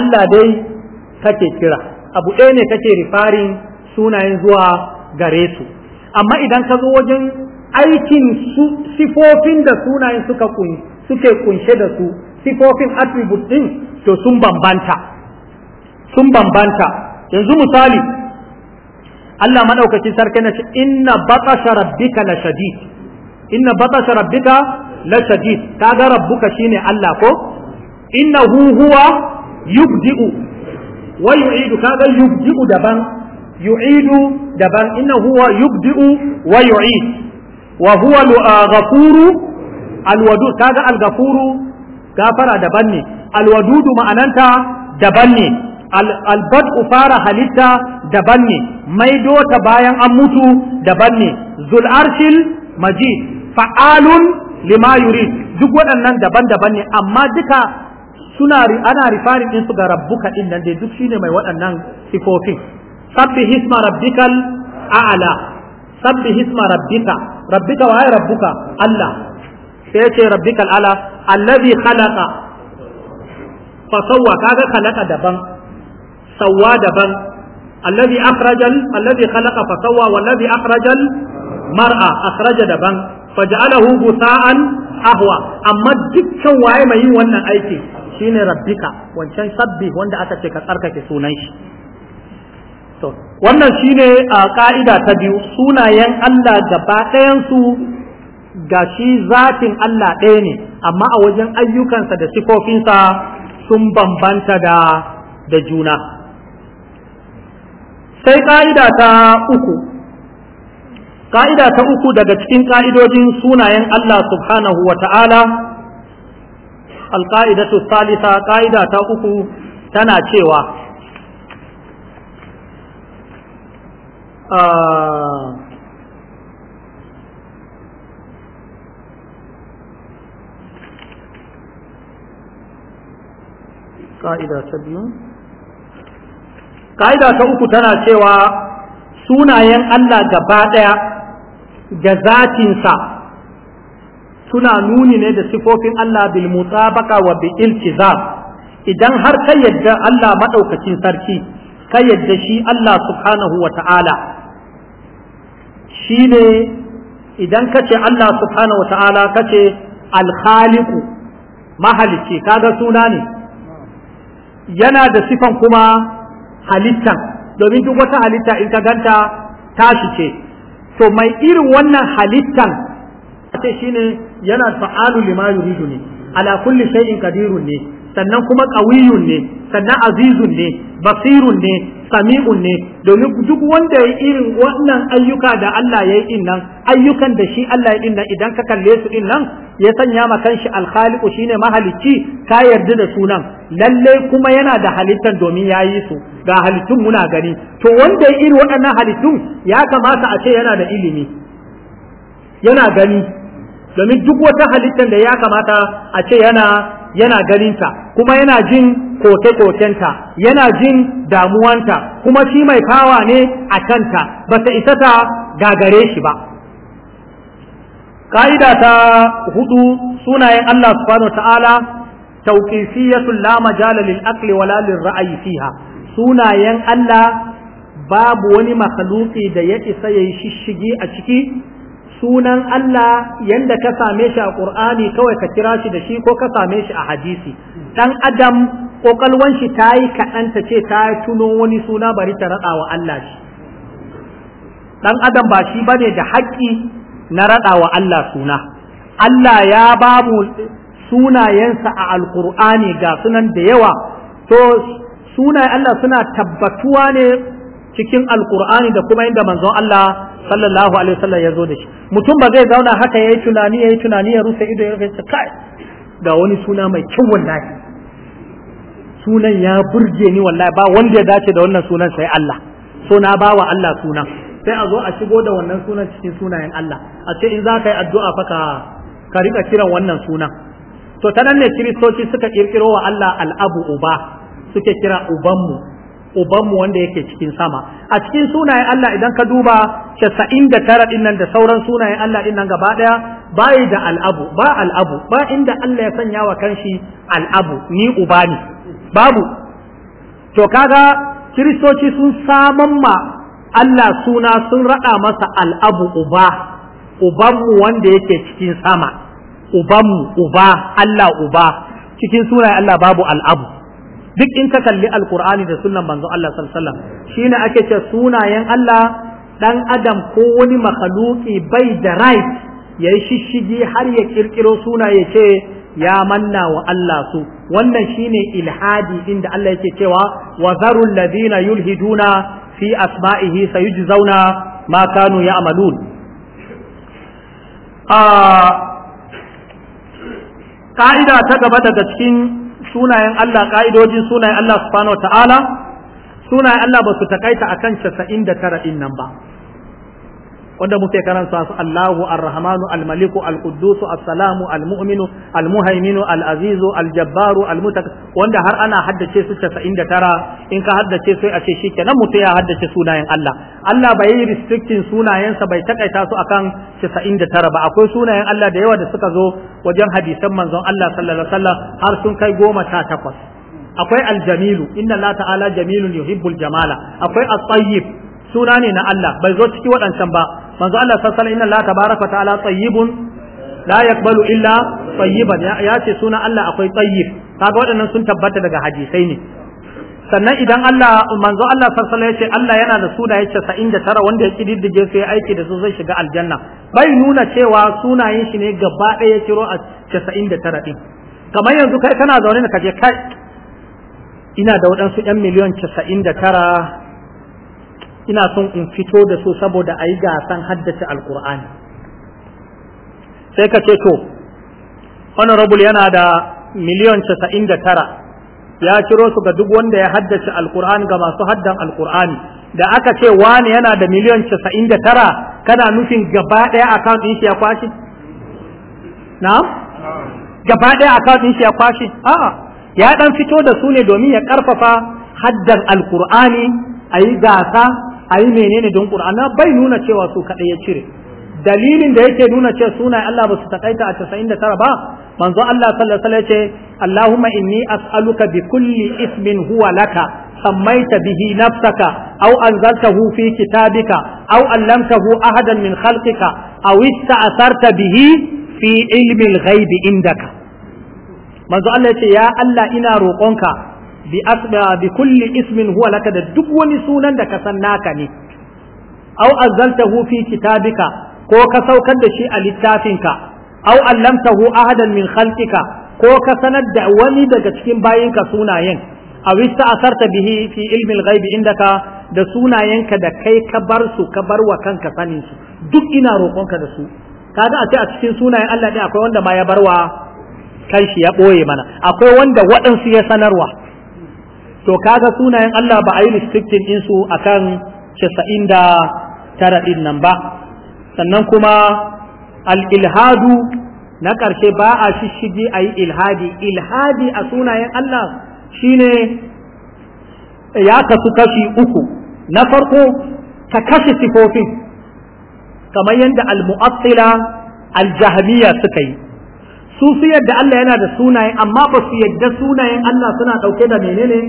Allah dai kake kira abu ɗaya ne kake rifarin sunayen zuwa gare su amma idan ka zo wajen aikin sifofin da sunayen suka suke kunshe da su sifofin attribute din to sun bambanta sun bambanta yanzu misali Allah madaukakin sarki na inna batasha rabbika la shadid inna batasha rabbika la shadid kaga rabbuka shine Allah ko innahu huwa yubdi'u wa yu'idu kaga yubdi'u daban yu'idu daban inna huwa yubdi'u wa yu'id wa huwa al-ghafuru al-wadud kaga al-ghafuru gafara daban ne al ma'ananta daban ne al-bad'u fara halitta daban ne maido ta bayan an mutu daban ne zul arshil majid fa'alun lima yurid duk waɗannan daban-daban ne amma duka suna ana rifarin din su ga rabbuka din nan dai duk shine mai waɗannan sifofin sabbi hisma rabbikal a'la sabbi hisma rabbika rabbika wa rabbuka Allah sai ya ce rabbikal a'la allazi khalaqa fa sawwa kaga khalaqa daban sawwa daban allazi akhrajal allazi khalaqa fa sawwa wallazi akhrajal mar'a akhraja daban faj'alahu gusa'an ahwa amma dukkan waye mai yin wannan aiki shine rabbika wancan sabbi wanda aka ce ka tsarkake sunan shi to wannan shine a ka'ida ta biyu sunayen Allah gaba ɗayan su shi zatin Allah ɗaya ne amma a wajen ayyukansa da sifofinsa sun bambanta da da juna sai ka'ida ta uku Ƙa'ida ta uku daga cikin ƙa'idodin sunayen Allah subhanahu wa ta'ala alƙa'idatu salisa ƙa'ida ta uku tana cewa uh, ta uku tana cewa sunayen Allah gaba ɗaya da zatinsa suna nuni ne da sifofin Allah bil mutabaka wa bil iltizam idan har ka yadda Allah madaukakin sarki ka yadda shi Allah subhanahu wa ta'ala shine idan ka ce Allah subhanahu wa ta'ala ka ce alkhaliqu mahalici kaga suna ne yana da sifan kuma halittan domin duk wata halitta in ka ganta tashi ce to mai irin wannan halittan ce shine yana fa'alu lima yuridu ne ala kulli shay'in kadirun ne sannan kuma qawiyun ne sannan azizun ne basirun ne sami'un ne domin duk wanda ya irin wannan ayyuka da Allah ya yi din nan ayyukan da shi Allah ya yi din nan idan ka kalle su din nan ya sanya ma kanshi alkhaliqu shine mahalicci ka yarda da sunan lalle kuma yana da halittar domin ya yi su ga halittun muna gani to wanda ya irin waɗannan halittun ya kamata a ce yana da ilimi yana gani domin duk wata halittar da ya kamata a ce yana yana ganinta kuma yana jin koke-kokenta yana jin damuwanta kuma shi mai fawa ne a kanta ba ta isa ta gagare shi ba ka'ida ta hudu sunayen Allah subhanahu ta'ala tauqifiyatul la majala lil aqli wala lil ra'yi fiha sunayen Allah babu wani makhluqi da ya isa yayi shishigi a ciki sunan Allah yanda ka same shi a ƙur'ani kawai ka kira shi da shi ko ka same shi a hadisi dan adam kokalwan shi ta yi kaɗan ta ce ta tuno wani suna bari ta raɗa wa Allah shi dan adam ba shi bane da haƙƙi na raɗa wa Allah suna Allah ya babu sunayensa a alkur'ani ga sunan da yawa to sunayen Allah suna tabbatuwa ne cikin alkur'ani da kuma inda manzon Allah sallallahu alaihi wasallam ya zo da shi mutum ba zai zauna haka ya yi tunani ya yi tunani ya rufe ido ya rufe kai ga wani suna mai kyau wallahi sunan ya burge ni wallahi ba wanda ya dace da wannan sunan sai Allah so na ba wa Allah sunan sai a zo a shigo da wannan sunan cikin sunayen Allah a ce in za ka yi addu'a fa ka ka rika kiran wannan sunan to ta nan ne kiristoci suka kirkiro wa Allah al'abu uba suke kira ubanmu ubanmu wanda yake cikin sama a cikin sunaye Allah idan ka duba casa'in da tara din da sauran sunayen Allah din nan gaba daya bai da al'abu ba al'abu ba inda Allah ya sanya wa kanshi al'abu ni uba ne babu to kaga kiristoci sun saman ma Allah suna sun rada masa al'abu uba ubanmu wanda yake cikin sama ubanmu uba Allah uba cikin sunaye Allah babu al'abu duk in ka kalli alkur'ani da sunan manzon Allah sallallahu alaihi wasallam shine ake ce sunayen Allah dan adam ko wani makhluki bai da right yayi shishigi har ya kirkiro suna ya ce ya manna wa Allah su wannan shine ilhadi inda Allah yake cewa wa zarul ladina yulhiduna fi asma'ihi sayujzauna ma kanu ya'malun ah, ka'ida ta gaba daga cikin sunayen Allah ka'idojin sunayen Allah subhanahu wa ta'ala sunayen Allah ba su takaita akan 99 din nan ba wanda muke karanta su Allahu Ar-Rahmanu Al-Maliku Al-Quddus As-Salamu Al-Mu'minu Al-Muhaiminu Al-Azizu Al-Jabbaru Al-Mutak wanda har ana haddace su 99 in ka haddace sai a ce shikenan mutum ya haddace sunayen Allah Allah bai yi restricting sunayensa bai takaita su akan 99 ba akwai sunayen Allah da yawa da suka zo wajen hadisan manzon Allah sallallahu alaihi wasallam har sun kai goma sha takwas akwai aljamilu inna la ta'ala jamilun yuhibbul jamala akwai al tayyib suna ne na Allah bai zo ciki waɗancan ba manzo Allah sallallahu alaihi wasallam tabaraka ta'ala tayyibun la yaqbalu illa tayyiban ya ce suna Allah akwai tayyib kaga waɗannan sun tabbata daga hadisai ne sannan idan Allah manzo Allah sallallahu alaihi Allah yana da da tara wanda ya kididdige sai ya aiki da su zai shiga aljanna bai nuna cewa sunayen shi ne gaba ɗaya ya kiro a 99 din kamar yanzu kai kana zaune ne kaje kai ina da waɗansu yan miliyan 99 ina son in fito da su saboda a yi gasan haddace alkur'ani sai ka ce to honorable yana da miliyan casa'in da tara ya ciro su ga duk wanda ya haddace alkur'ani ga masu haddan alkur'ani da aka ce wani yana da miliyan casa'in da tara kana nufin gaba ɗaya account ɗin shi ya kwashi na gaba ɗaya account ɗin shi ya kwashi a'a ya dan fito da su ne domin ya karfafa haddan alkur'ani a yi gasa a yi menene don ƙur'ana bai nuna cewa su kadai ya cire dalilin da yake nuna cewa suna Allah ba su taƙaita a casa'in da tara ba manzo Allah sallallahu alaihi ce Allahumma inni as'aluka bi kulli ismin huwa laka sammaita bihi nafsaka aw anzaltahu fi kitabika aw allamtahu ahadan min khalqika aw ista'sarta bihi fi ilmi al-ghaib indaka manzo Allah ya ya Allah ina roƙonka bi asma bi kulli ismin huwa laka da duk wani sunan da ka san naka ne aw azzaltahu fi kitabika ko ka saukar da shi a littafinka aw allamtahu ahadan min khalqika ko ka sanar da wani daga cikin bayinka sunayen aw ista'sarta bihi fi ilmi al-ghaib indaka da sunayenka da kai ka bar su ka bar wa kanka sanin su duk ina roƙonka da su kaga a ce a cikin sunayen Allah ne akwai wanda ma ya wa? kanshi ya ɓoye mana akwai wanda waɗansu ya sanarwa to kaga sunayen Allah ba a yi restricting din su akan 99 din nan ba sannan kuma al-ilhadu na ƙarshe ba a shishigi a yi ilhadi ilhadi a sunayen Allah shine ya kasu kashi uku na farko ka kashe sifofin kamar yadda al-mu'attila al-jahmiya suka yi su su yadda Allah yana da sunaye amma ba su yadda sunayen Allah suna ɗauke da menene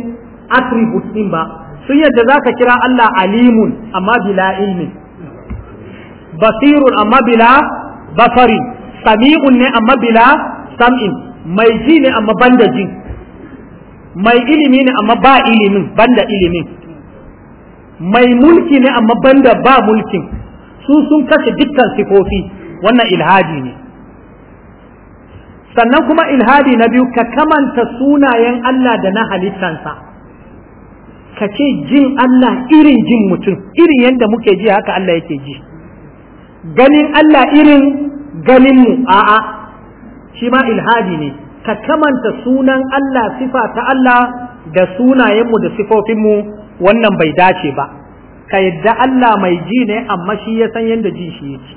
attributes din ba sun yadda ka kira Allah alimun amma bila ilmin basirun amma bila basari sami'un ne amma bila sam'in mai ji ne amma banda ji mai ilimi ne amma ba ilimin banda ilimin mai mulki ne amma banda ba mulkin su sun kashe dukkan sifofi wannan ilhadi ne sannan kuma ilhadi na biyu ka kamanta sunayen Allah da na halittansa ka ce jin Allah irin jin mutum irin yadda muke ji haka Allah yake ji ganin Allah irin ganin mu a'a shi ma ilhadi ne ka kamanta sunan Allah sifa ta Allah da sunayenmu da sifofinmu wannan bai dace ba ka yadda Allah mai ji ne amma shi ya san yadda ji shi yake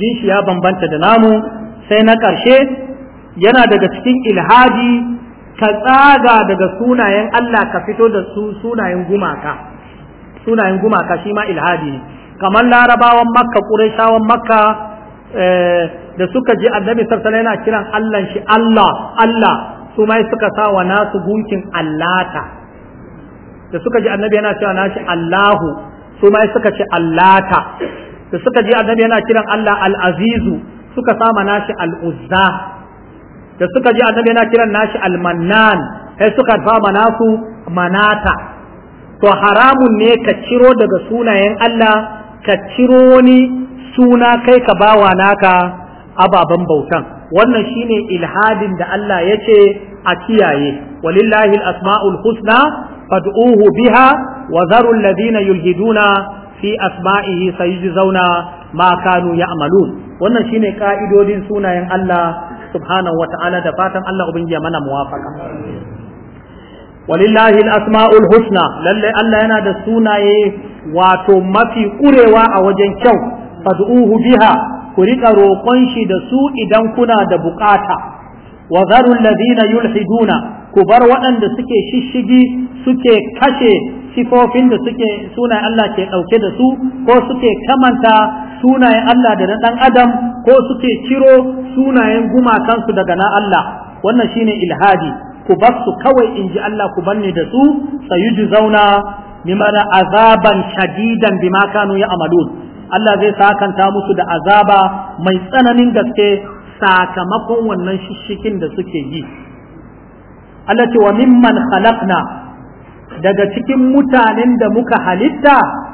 jin shi ya bambanta da namu sai na ƙarshe yana daga cikin ilhadi ka tsaga daga sunayen Allah ka fito da su sunayen gumaka sunayen gumaka shi ma ilhadi ne kamar larabawan makka ƙurashawan makka eh, da suka ji annabi sarsala yana kiran Allah shi Allah Allah su mai suka sa wa nasu gunkin allata da suka ji annabi yana cewa na shi Allahu su mai suka ce allata da suka ji annabi yana kiran Allah al-azizu suka sama nashi al-uzza da suka ji annabi yana kiran nashi almannan sai suka fama nasu manata to haramun ne ka ciro daga sunayen Allah ka ciro wani suna kai ka bawa naka ababen bautan wannan shine ilhadin da Allah ya ce a kiyaye walillahi al-asma'ul husna fad'uhu biha wa zaru alladhina yulhiduna fi asma'ihi sayujzauna ma kanu ya'malun wannan shine ka'idodin sunayen Allah subhanahu wa ta'ala da fatan Allah ubangiya mana muwafaka walillahi al-asma'ul husna lalle Allah yana da sunaye wato mafi kurewa a wajen kyau fad'uhu biha ku rika roƙon shi da su idan kuna da bukata wa zaru alladhina yulhiduna ku bar waɗanda suke shishigi suke kashe sifofin da suke sunayen Allah ke ɗauke da su ko suke kamanta sunayen Allah da na ɗan adam ko suke ciro sunayen gumakansu daga na Allah wannan shine ilhadi ku bar su kawai in ji Allah ku banne da su sayuji zauna mimana azaban shadidan bima kanu ya amalun Allah zai sakanta musu da azaba mai tsananin gaske sakamakon wannan shishikin da suke yi Allah ce wa mimman khalaqna daga cikin mutanen da muka halitta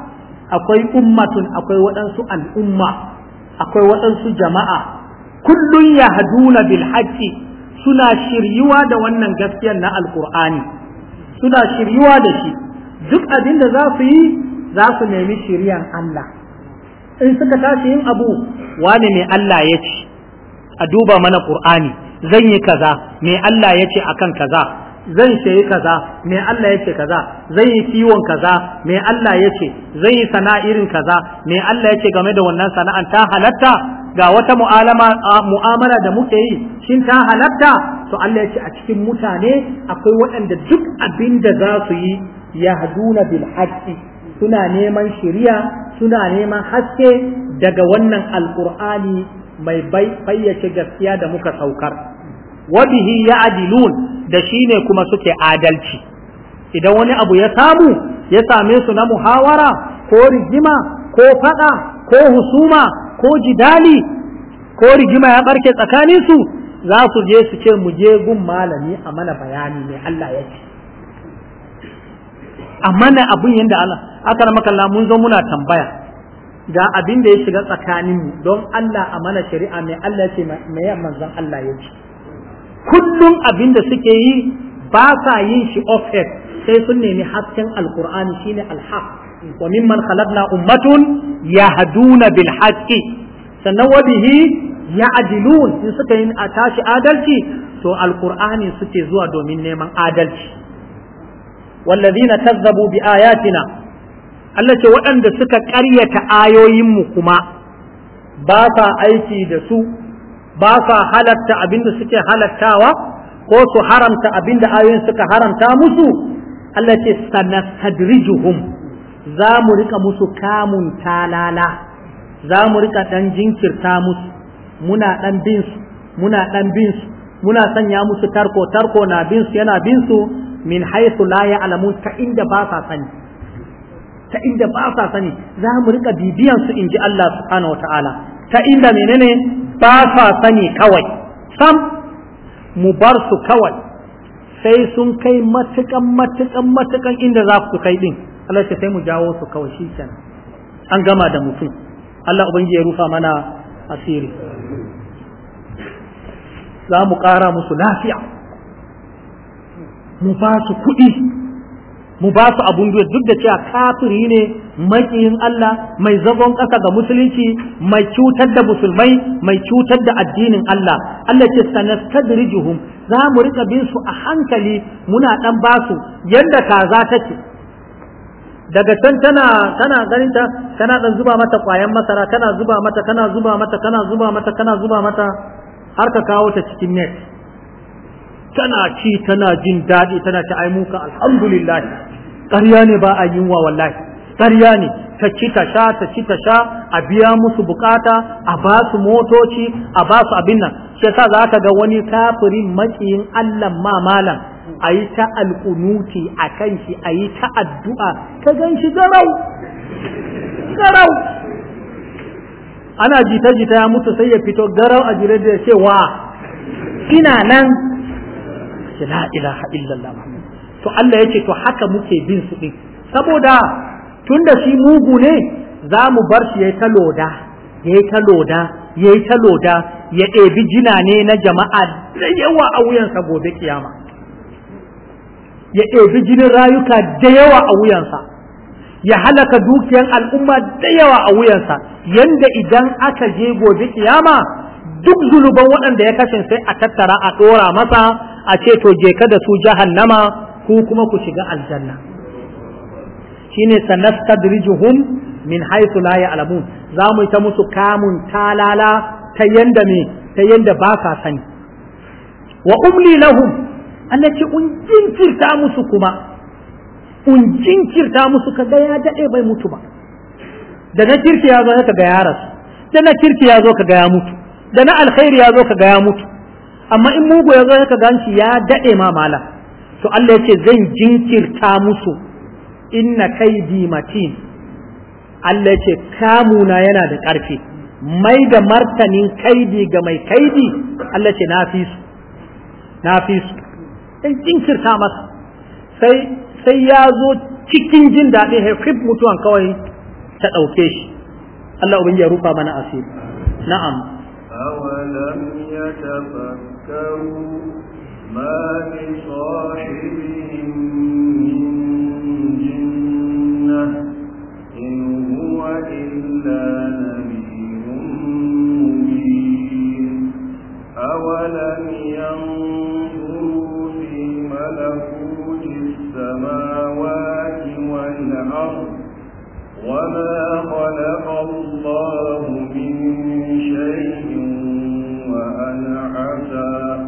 akwai ummatun akwai waɗansu al'umma akwai waɗansu jama'a kullun yahduna bil suna shiryuwa da wannan gaskiyar na Alƙur'ani, suna shiryuwa da shi duk abin da za su yi za su nemi shiryan Allah in suka tashi yin abu wani ne Allah ya ce a duba mana ƙur'ani zan yi kaza me Allah ya ce akan kaza zan sayi kaza me Allah yace kaza zan yi kiwon kaza me Allah yace. zan yi sana'irin kaza me Allah yace game da wannan sana'an ta halatta ga wata mu'amala da muke yi shin ta halatta to Allah ce a cikin mutane akwai waɗanda duk abin da za su yi yahduna bil haqqi suna neman shiriya suna neman haske daga wannan alqur'ani mai bayyace gaskiya da muka saukar wa bihi ya'dilun da ne kuma suke adalci idan wani abu ya samu ya same su na muhawara ko rigima ko fada ko husuma ko jidali ko rigima ya barke tsakanin su za su je su ce mu je gun malami a mana bayani mai Allah ya ce amma na abun yadda Allah aka makalla mun zo muna tambaya ga abin da ya shiga tsakaninmu don Allah a mana shari'a mai Allah ya ce mai manzon Allah ya ce kullum abin da suke yi ba sa yin shi off sai sun nemi hasken alkur'ani shine alhaq wa mimman khalaqna ummatun yahduna bil haqqi sannan wa ya'dilun in suka yi a tashi adalci to alkur'ani suke zuwa domin neman adalci wallazina kazzabu bi ayatina Allah ce waɗanda suka ƙaryata ayoyinmu kuma ba sa aiki da su ba sa halatta abinda suke halattawa ko su haramta abinda ayoyin suka haramta musu Allah ce sanastadrijuhum za mu rika musu kamun talala za mu rika dan jinkirta musu muna dan bin su muna dan bin su muna sanya musu tarko tarko na bin su yana bin su min haythu la ya'lamun ta inda ba sa sani ta inda ba sa sani za mu rika bibiyan su inji Allah subhanahu wataala ta inda menene ba sa sani kawai sam mu bar su kawai sai sun kai matukan matukan matukan inda za ku kai din Allah ce sai mu jawo su kawai shi kenan an gama da mutum Allah ubangi ya rufa mana asiri za mu ƙara musu lafiya mu ba su kuɗi mu ba su abun duya duk da cewa kafiri ne makiyin Allah mai zagon ƙasa ga musulunci mai cutar da musulmai mai cutar da addinin Allah Allah ce sanastadrijuhum za mu rika bin su a hankali muna dan ba su yanda kaza ce. daga can tana tana ganin ta tana dan zuba mata kwayan masara tana zuba mata tana zuba mata tana zuba mata tana zuba mata har ka kawo ta cikin net tana ci tana jin daɗi tana ci ai muka alhamdulillah ƙarya ne ba a yunwa wallahi ƙarya ne ta ci ta sha ta ci ta sha a biya musu bukata a ba su motoci a ba su abin nan shi sa za ka ga wani kafirin makiyin Allah ma malam a yi ta alƙunuti a kan shi a yi ta addu'a ka gan shi garau garau ana jita-jita ya mutu sai ya fito garau a jire da cewa ina nan ce la ilaha illallah to Allah yace to haka muke bin su din saboda tunda shi mugu ne za mu bar shi yayi ta loda yayi ta loda yayi ta loda ya ɗebi jina na jama'a da yawa a wuyansa gobe kiyama ya ɗebi jinin rayuka da yawa a wuyansa ya halaka dukiyan al'umma da yawa a wuyansa yanda idan aka je gobe kiyama duk zuluban waɗanda ya kashe sai a tattara a ɗora masa a ce to je ka da su jahannama ku kuma ku shiga aljanna shine sanastadrijuhum min haythu la ya'lamun za mu yi ta musu kamun talala ta yanda me ta yanda ba ka sani wa umli lahum Allah ce un jinkirta musu kuma un jinkirta musu kaga ya daɗe bai mutu ba da na kirki ya zo ka ga ya rasu da na kirki ya zo ka ga ya mutu da na alkhairi ya zo ka ga ya mutu amma in mugu ya zo ka ganci ya daɗe ma mala to Allah ya ce zan jinkirta musu inna kaidi mati Allah ya ce kamuna yana da ƙarfi mai da martanin kaidi ga mai kaidi Allah ce na fi su na fi su sai jinkirta masa sai sai ya zo cikin jin daɗi haifif mutuwan kawai ta ɗauke shi Allah ubangiji ya rufa mana asiri na'am أولم يتفكروا ما بصاحبهم من جنة إن هو إلا نبي مبين أولم ينظروا في ملكوت السماوات والأرض وما خلق الله من شيء وأنا عسى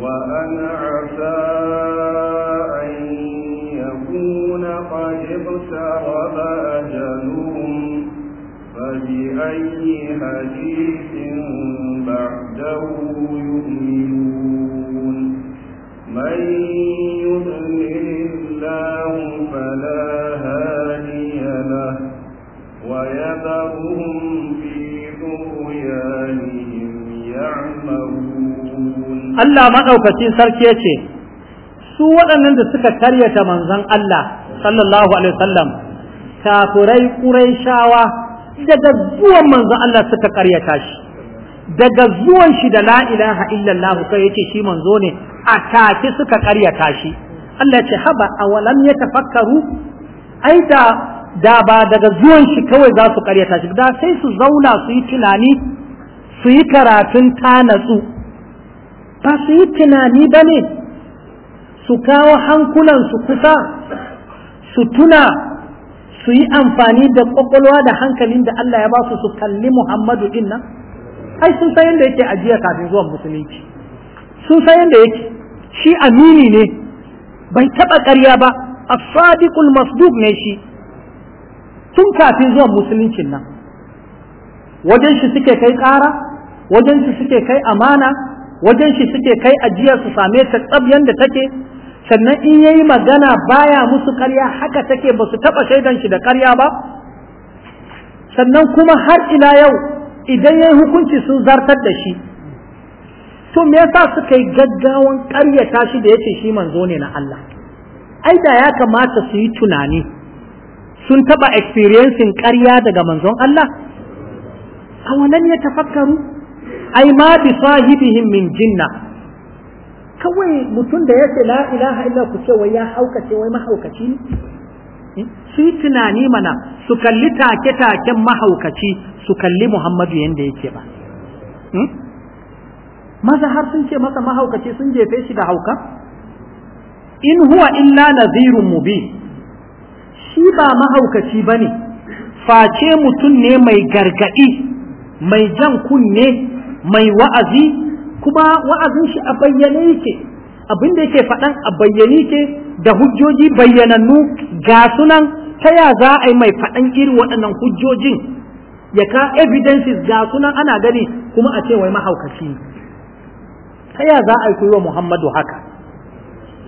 وأن عسى أن يكون قد اقترب أجلهم فبأي حديث بعده يؤمنون من يضلل الله فلا هادي له ويذرهم Allah maɗaukacin sarki ya ce su waɗannan da suka karyata manzon Allah sallallahu alaihi wasallam kafurai ƙuraishawa daga zuwan manzon Allah suka karyata shi daga zuwan shi da lailaha ilaha illallah ya ce shi manzo ne a take suka karyata shi Allah ce haba ya tafakkaru, ai da da ba daga zuwan shi kawai za su karyata shi da sai su zauna su yi tunani su yi karatun tanatsu ba su yi tunani ba ne su kawo hankulansu kusa su tuna su yi amfani da kwakwalwa da hankalin da Allah ya ba su su kalli Muhammadu inna ai sun san yadda yake ajiya kafin zuwan musulunci sun san yadda yake shi amini ne bai taɓa karya ba as-sadiqul masduq ne shi tun kafin zuwan musuluncin nan wajen shi suke kai ƙara wajen shi suke kai amana wajen shi suke kai ajiyar su same ta tsab yanda take sannan in yayi magana baya musu karya haka take ba su taba shaidan shi da karya ba sannan kuma har ila yau idan yayi hukunci sun zartar da shi to me yasa suka yi gaggawan karyata shi da yace shi manzo ne na Allah ai da ya kamata su yi tunani sun taba experiencing karya daga manzon Allah a wannan ya tafakkaru ai ma bi sahibihim min jinna kawai mutum da ya ce la ilaha illa ku ce wai ya haukace wai mahaukaci ne eh, su tunani mana su kalli take-taken mahaukaci su kalli muhammadu yadda yake ba hmm? maza har sun ce masa mahaukaci sun jefe shi da hauka in huwa illa nazirun mubi shi ba mahaukaci ba ne face mutum ne mai gargaɗi mai jan kunne mai wa'azi kuma wa'azin shi a bayyane yake abin da yake faɗan a bayyane yake da hujjoji bayyanannu ga sunan ta ya za a yi mai faɗan irin waɗannan hujjojin ya ka evidences ga sunan ana gani kuma a ce wai mahaukaci ta ya za a yi wa muhammadu haka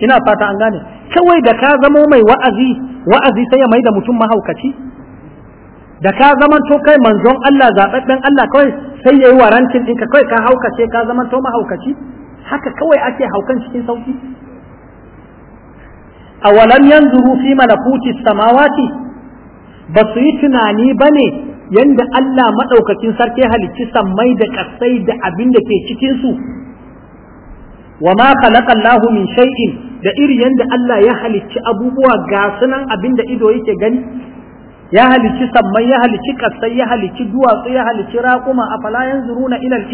ina fata an gane kawai da ka zama mai wa'azi wa'azi sai ya mai da mutum mahaukaci da ka zaman to kai manzon Allah zaɓaɓɓen Allah kawai sai yayi warancin ɗinka kawai ka haukace ka zaman to mahaukaci haka kawai ake haukan cikin sauki awalam yanzuru fi malakuti samawati ba su yi tunani ba ne yadda Allah maɗaukakin sarki halicci sammai da ƙasai da abin da ke cikinsu wa ma khalaqa Allahu min shay'in da iri yadda Allah ya halicci abubuwa ga sunan abin da ido yake gani ya halici sammai ya halici kasai ya halici duwatsu ya halici raƙuma afala fala yanzuruna ila al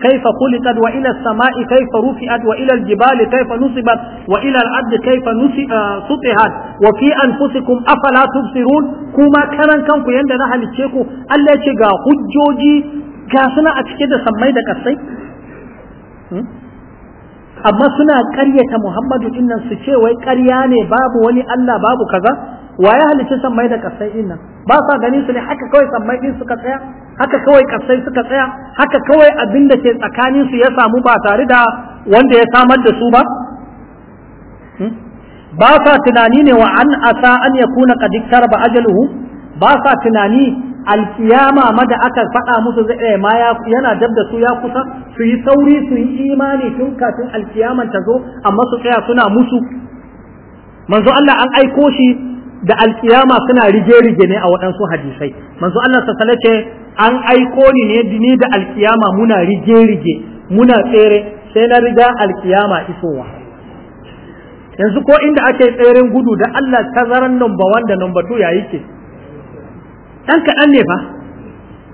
kaifa khuliqat wa ila as-sama'i kaifa rufi'at wa ila al-jibali kaifa nusibat wa ila al-ardi kaifa ah, sutihat wa fi anfusikum afala tubsirun kuma karan kanku yanda na halice ku Allah ce ga hujjoji ga suna a cike da sammai da kasai hmm? amma suna karyata Muhammadu dinnan su ce wai karya ne babu wani Allah babu kaza wa ya halicci sammai da kasai din nan ba sa ganin su ne haka kawai sammai din suka tsaya haka kawai kasai suka tsaya haka kawai abin da ke tsakanin su ya samu ba tare da wanda ya samar da su ba hmm? ba sa tunani ne wa an asa an ya kuna kadiktar ba ajaluhu ba sa tunani alkiyama ma da aka faɗa musu zai eh, ma yana dab da su ya kusa su yi sauri su yi imani tun kafin alkiyaman ta zo amma su tsaya suna musu manzo Allah an aiko shi da alkiyama suna rige-rige ne a waɗansu hadisai manzo Allah sassale ce an aiko ni ne ni da alkiyama muna rige-rige muna tsere sai na riga alkiyama isowa yanzu ko inda ake tseren gudu da Allah tazaran number one da number two yayi ke dan kaɗan ne fa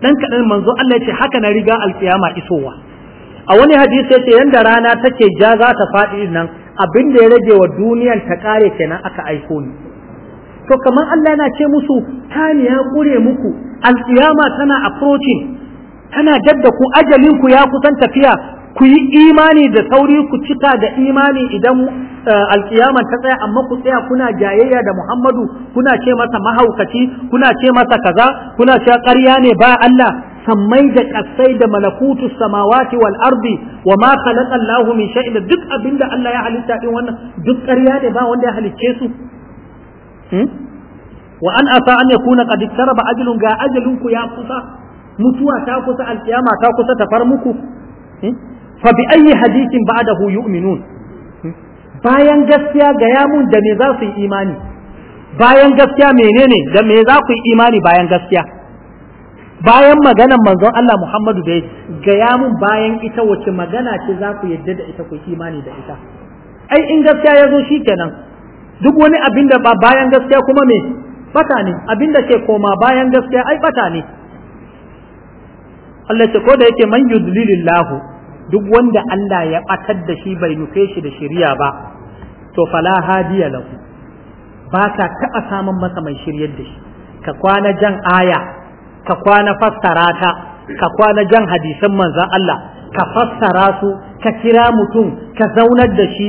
dan kaɗan manzo Allah ya ce haka na riga alkiyama isowa a wani hadisi ya ce yanda rana take ja za ta faɗi nan abin da ya rage wa duniyan ta kare kenan aka aiko ni to kamar Allah yana ce musu tani ya kure muku alƙiyama tana approaching tana dadda ku ajalin ku ya kusan tafiya ku yi imani da sauri ku cika da imani idan eh, alƙiyama ta tsaya amma ku tsaya kuna jayayya da Muhammadu kuna ce masa mahaukaci kuna ce masa kaza kuna ce ƙarya ne ba Allah sammai da ƙasai da malakutu samawati wal ardi wa ma khalaqa Allahu min shay'in duk abinda Allah ya halitta din wannan duk ƙarya ne ba wanda ya halicce su Hmm? wa an asa an yakuna qad iktaraba ajalun ga ajalun ku ya kusa mutuwa ta kusa alkiyama ta kusa ta far muku hmm? fa bi ayyi hadithin ba'dahu yu'minun hmm? bayan gaskiya ga yamun da me za su yi imani bayan gaskiya menene da me za ku yi imani bayan gaskiya bayan maganan manzon Allah Muhammadu da ga yamun bayan ita wace magana ce za ku yadda da ita ku yi imani da ita ai in gaskiya ya zo shikenan duk wani abin da ba bayan gaskiya kuma me bata ne abin da ke koma bayan gaskiya ai bata ne Allah ce ko yake man yudlilillahu duk wanda Allah ya batar da shi bai nufe shi da shirya ba to fala hadiya lahu ba ka taɓa samun masa mai shiryar da shi ka kwana jan aya ka kwana fassara ta ka kwana jan hadisan manzon Allah ka fassara su ka kira mutum ka zaunar da shi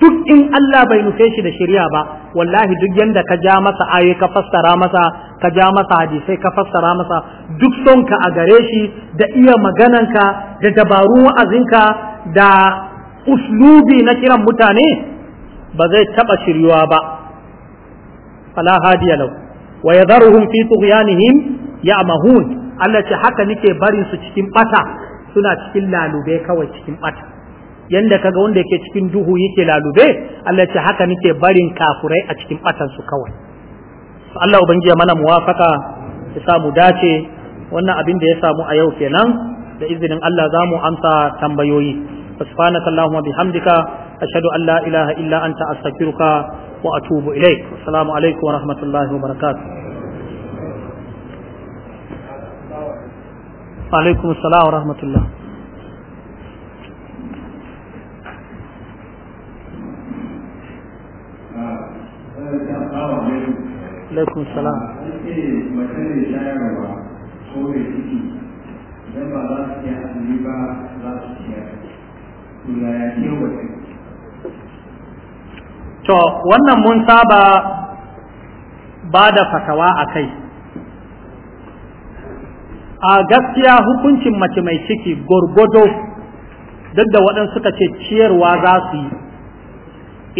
duk in Allah bai nufe shi da shirya ba wallahi duk yanda ka ja masa aye ka fassara masa ka ja masa hadisai ka fassara masa duk son ka a gare shi da iya magananka da dabarun wa'azinka da uslubi na kiran mutane ba zai taba shiryuwa ba fala hadiya lau wa yadharuhum fi tughyanihim ya'mahun Allah ce haka nake barin su cikin bata suna cikin lalube kawai cikin bata yanda kaga wanda yake cikin duhu yake lalube Allah ce haka nake barin kafurai a cikin batan su kawai Allah ubangiji mana muwafaka ya samu dace wannan abin da ya samu a yau kenan da izinin Allah za mu amsa tambayoyi subhanaka allahumma bihamdika ashhadu an la ilaha illa anta astaghfiruka wa atubu ilaik assalamu alaikum wa rahmatullahi wa barakatuh alaikum assalam wa rahmatullah alaikum salam to wannan mun saba ba da fatawa a kai a gaskiya hukuncin mace mai ciki gorgodo duk da waɗansu suka ce ciyarwa za su yi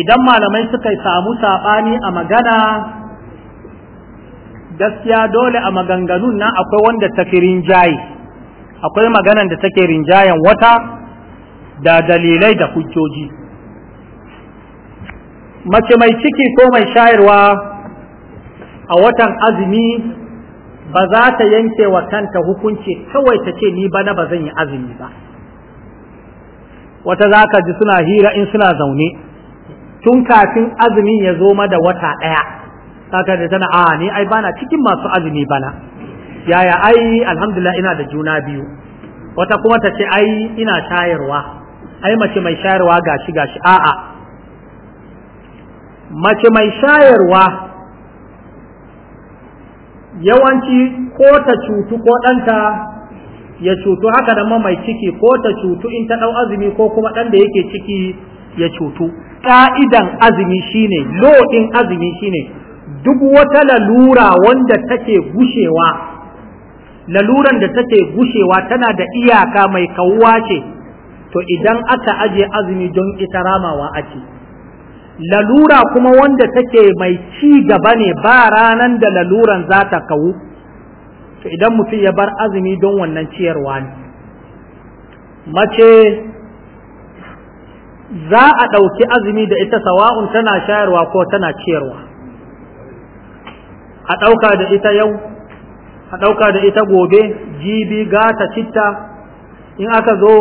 idan malamai suka samu saɓani a magana gaskiya dole a maganganun nan akwai wanda ta rinjaye akwai maganan da take rinjayen wata da dalilai da hujjoji mace mai ciki ko mai shayarwa a watan azumi ba za ta yanke wa kanta hukunci kawai ta ce ni bana ba zan yi azumi ba wata za ka ji suna hira in suna zaune tun kafin azumin ya zo ma da wata ɗaya kaka da tana a ah, ni ai bana cikin masu azumi bana yaya ai alhamdulillah ina da juna biyu wata kuma ta ce ai ina shayarwa ai mace mai shayarwa gashi gashi a'a mace mai shayarwa yawanci ko ta cutu ko ɗanta ya cutu haka da ma mai ciki ko ta cutu in ta ɗau azumi ko kuma ɗan da yake ciki ya cutu ƙa'idan azumi shine lo'in azumi shine duk wata lalura wanda take gushewa laluran da take gushewa tana da iyaka mai kawuwa ce to idan aka aje azumi don ita ramawa ake lalura kuma wanda take mai ci gaba ne ba ranan da laluran za ta kawu to idan mutum ya bar azumi don wannan ciyarwa ne mace za a ɗauki azumi da ita sawa'un tana shayarwa ko tana ciyarwa a ɗauka da ita yau a ɗauka da ita gobe jibi gata citta in aka zo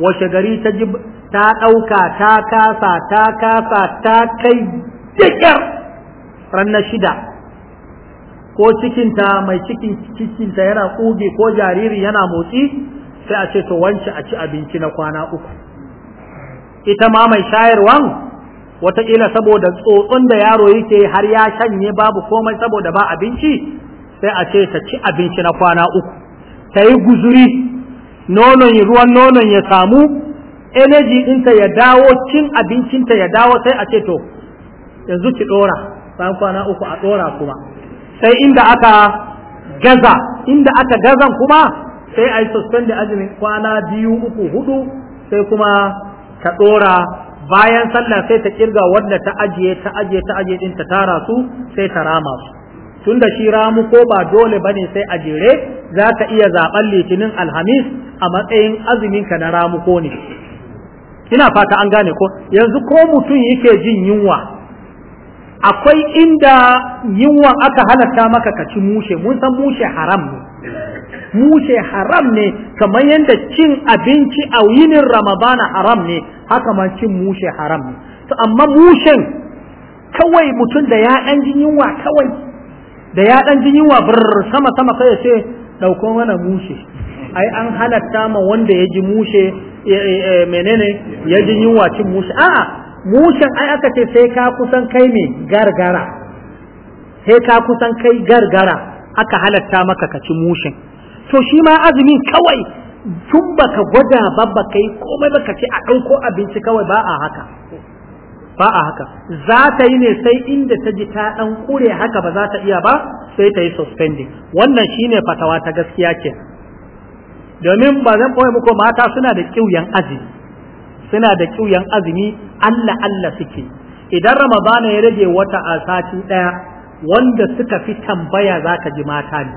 washe gari ta ji ta ɗauka ta kasa ta kasa ta kai dikar ranar shida ko cikinta mai cikin cikinta yana ƙuge ko jariri yana motsi sai a ce to wance a ci abinci na kwana uku ita ma mai shayarwan wataƙila saboda tsotson da yaro yake har ya shanye babu komai saboda ba abinci sai a ce ta ci abinci na kwana uku ta yi guzuri nonon ruwan nonon ya samu energy ɗinta ya dawo cin abincinta ya dawo sai a ce to yanzu ki ɗora bayan kwana uku a ɗora kuma sai inda aka gaza inda aka gazan kuma sai a yi suspend azumin kwana biyu uku hudu sai kuma ka ɗora bayan sallah sai ta kirga wadda ta ajiye ta ajiye ta ajiye din ta tara su sai ta rama su tunda shi ramu ko ba dole bane sai a jere za ka iya zaɓan litinin alhamis a matsayin azumin ka na ramu ko ne ina fata an gane ko yanzu ko mutum yake jin yunwa akwai inda yunwan aka halatta maka ka ci mushe mun san mushe haram ne mushe haram ne kamar yadda cin abinci a yinin ramadana haram ne haka ma cin mushe haram ne to amma mushen kawai mutum da ya dan jin yunwa kawai da ya dan jin yunwa bir sama sama sai ya ce dauko mana mushe ai an halatta ma wanda ya ji mushe eh, eh, eh, menene ya ji yunwa cin mushe a'a mushen ai aka ce sai ka kusan kai me gargara sai ka kusan kai gargara aka halatta maka ka ci mushin to shi ma azumin kawai tun ka gwada ba ka yi komai baka ce a ɗauko abinci kawai ba a haka ba a haka za ta yi ne sai inda ta ji ta ɗan kure haka ba za ta iya ba sai ta yi suspending wannan shi ne fatawa ta gaskiya ce. domin ba zan ɓoye muku mata suna da ƙiuyan azumi suna da ƙiuyan azumi Allah Allah suke idan Ramadana ya rage wata a sati ɗaya wanda suka fi tambaya za ka ji mata ne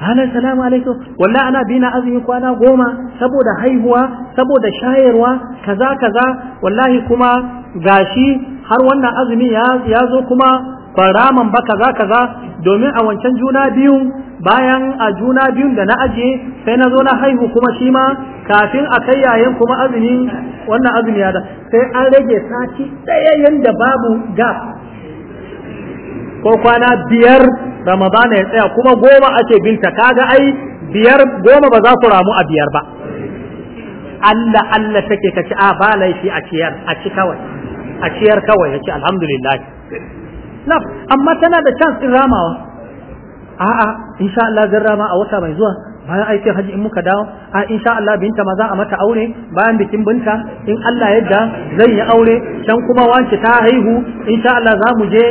ala salamu alaikum wallahi ana bina azumi kwana goma saboda haihuwa saboda shayarwa kaza kaza wallahi kuma gashi har wannan azumi ya zo kuma kwaraman ba kaza kaza domin a wancan juna biyun bayan a juna biyun da na aje sai na zo na haihu kuma shi ma kafin a kai yayin kuma azumi wannan azumi ya da sai an rage sati ɗaya yanda babu gap ko kwana biyar ramadana ya tsaya kuma goma ake binta kaga ai biyar goma ba za su ramu a biyar ba Allah Allah take ka ci a ba laifi a ciyar a ci kawai a ciyar kawai yace alhamdulillah na amma tana da chance in ramawa a'a insha Allah zan rama a wata mai zuwa bayan aikin haji in muka dawo a insha Allah binta ma za a mata aure bayan bikin binta in Allah yadda zan yi aure can kuma wanke ta haihu insha Allah za mu je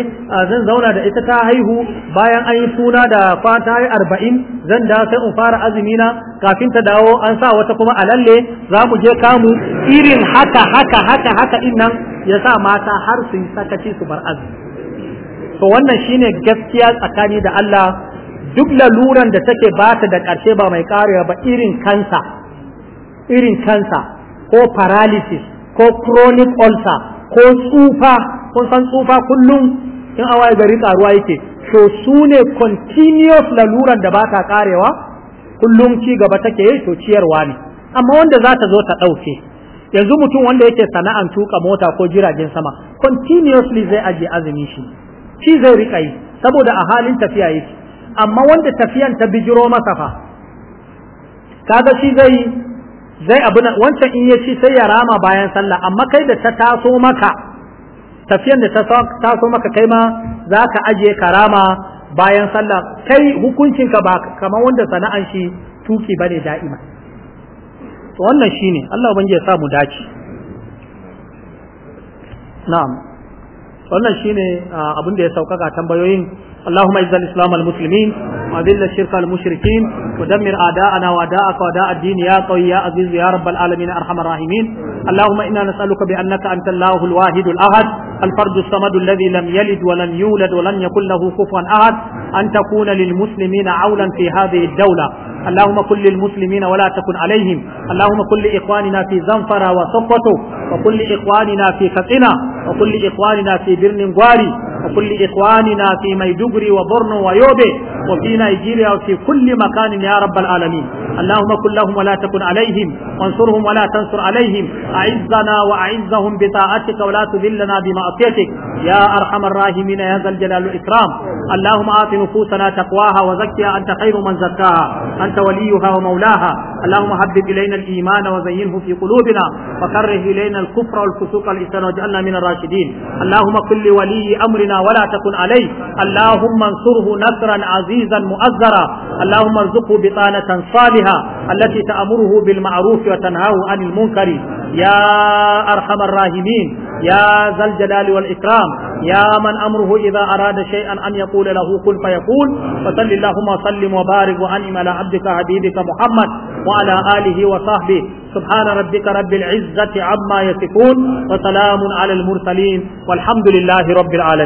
zan zauna da ita ta haihu bayan an yi suna da fata yi arba'in zan da sai in fara azumi na kafin ta dawo an sa wata kuma a lalle za mu je kamu irin haka haka haka haka din nan ya sa mata har su yi sakaci su bar azumi to wannan shine gaskiya tsakani da Allah duk laluran da take ba ta da ƙarshe ba mai ƙarewa ba irin kansa irin kansa ko paralysis ko chronic ulcer ko tsufa kun san tsufa kullum in awaye gari ƙaruwa yake to su ne continuous laluran da ba ta ƙarewa kullum ci gaba take yi to ciyarwa ne amma wanda za ta zo ta ɗauke yanzu mutum wanda yake sana'an tuka mota ko jiragen sama continuously zai ajiye azumi shi shi zai riƙa yi saboda a halin tafiya yake amma wanda tafiyan ta bijiro masa fa kaga shi zai zai abu wancan in ya ci sai ya rama bayan sallah amma kai da ta taso maka tafiyan da ta taso maka kai ma za ka ajiye rama bayan sallah kai hukuncinka ba kamar wanda sana'an shi tuki bane da'ima to wannan shine Allah ubangiji ya sa mu dace na'am wannan shine ah, abin da ya sauƙaƙa tambayoyin اللهم اعز الاسلام المسلمين واذل الشرك المشركين ودمر اعداءنا واعداءك واعداء الدين يا قوي يا عزيز يا رب العالمين ارحم الراحمين اللهم انا نسالك بانك انت الله الواحد الاحد الفرد الصمد الذي لم يلد ولم يولد ولم يكن له كفوا احد ان تكون للمسلمين عولا في هذه الدوله اللهم كن للمسلمين ولا تكن عليهم اللهم كن لاخواننا في زنفره وصفوة وكل لاخواننا في كتنا وكل لاخواننا في برن غواري وكل إخواننا في ميدوغري وبورنو ويوبي وفي نيجيريا وفي كل مكان يا رب العالمين اللهم كن لهم ولا تكن عليهم وانصرهم ولا تنصر عليهم أعزنا وأعزهم بطاعتك ولا تذلنا بمعصيتك يا أرحم الراحمين يا ذا الجلال والإكرام اللهم آت نفوسنا تقواها وزكها أنت خير من زكاها أنت وليها ومولاها اللهم حبب إلينا الإيمان وزينه في قلوبنا وكره إلينا الكفر والفسوق والإسلام واجعلنا من الراشدين اللهم كل ولي أمرنا علينا ولا تكن عليه اللهم انصره نصرا عزيزا مؤزرا اللهم ارزقه بطانة صالحة التي تأمره بالمعروف وتنهاه عن المنكر يا أرحم الراحمين يا ذا الجلال والإكرام يا من أمره إذا أراد شيئا أن يقول له كن فيقول فصل اللهم وسلم وبارك وأنم على عبدك حبيبك محمد وعلى آله وصحبه سبحان ربك رب العزة عما يصفون وسلام على المرسلين والحمد لله رب العالمين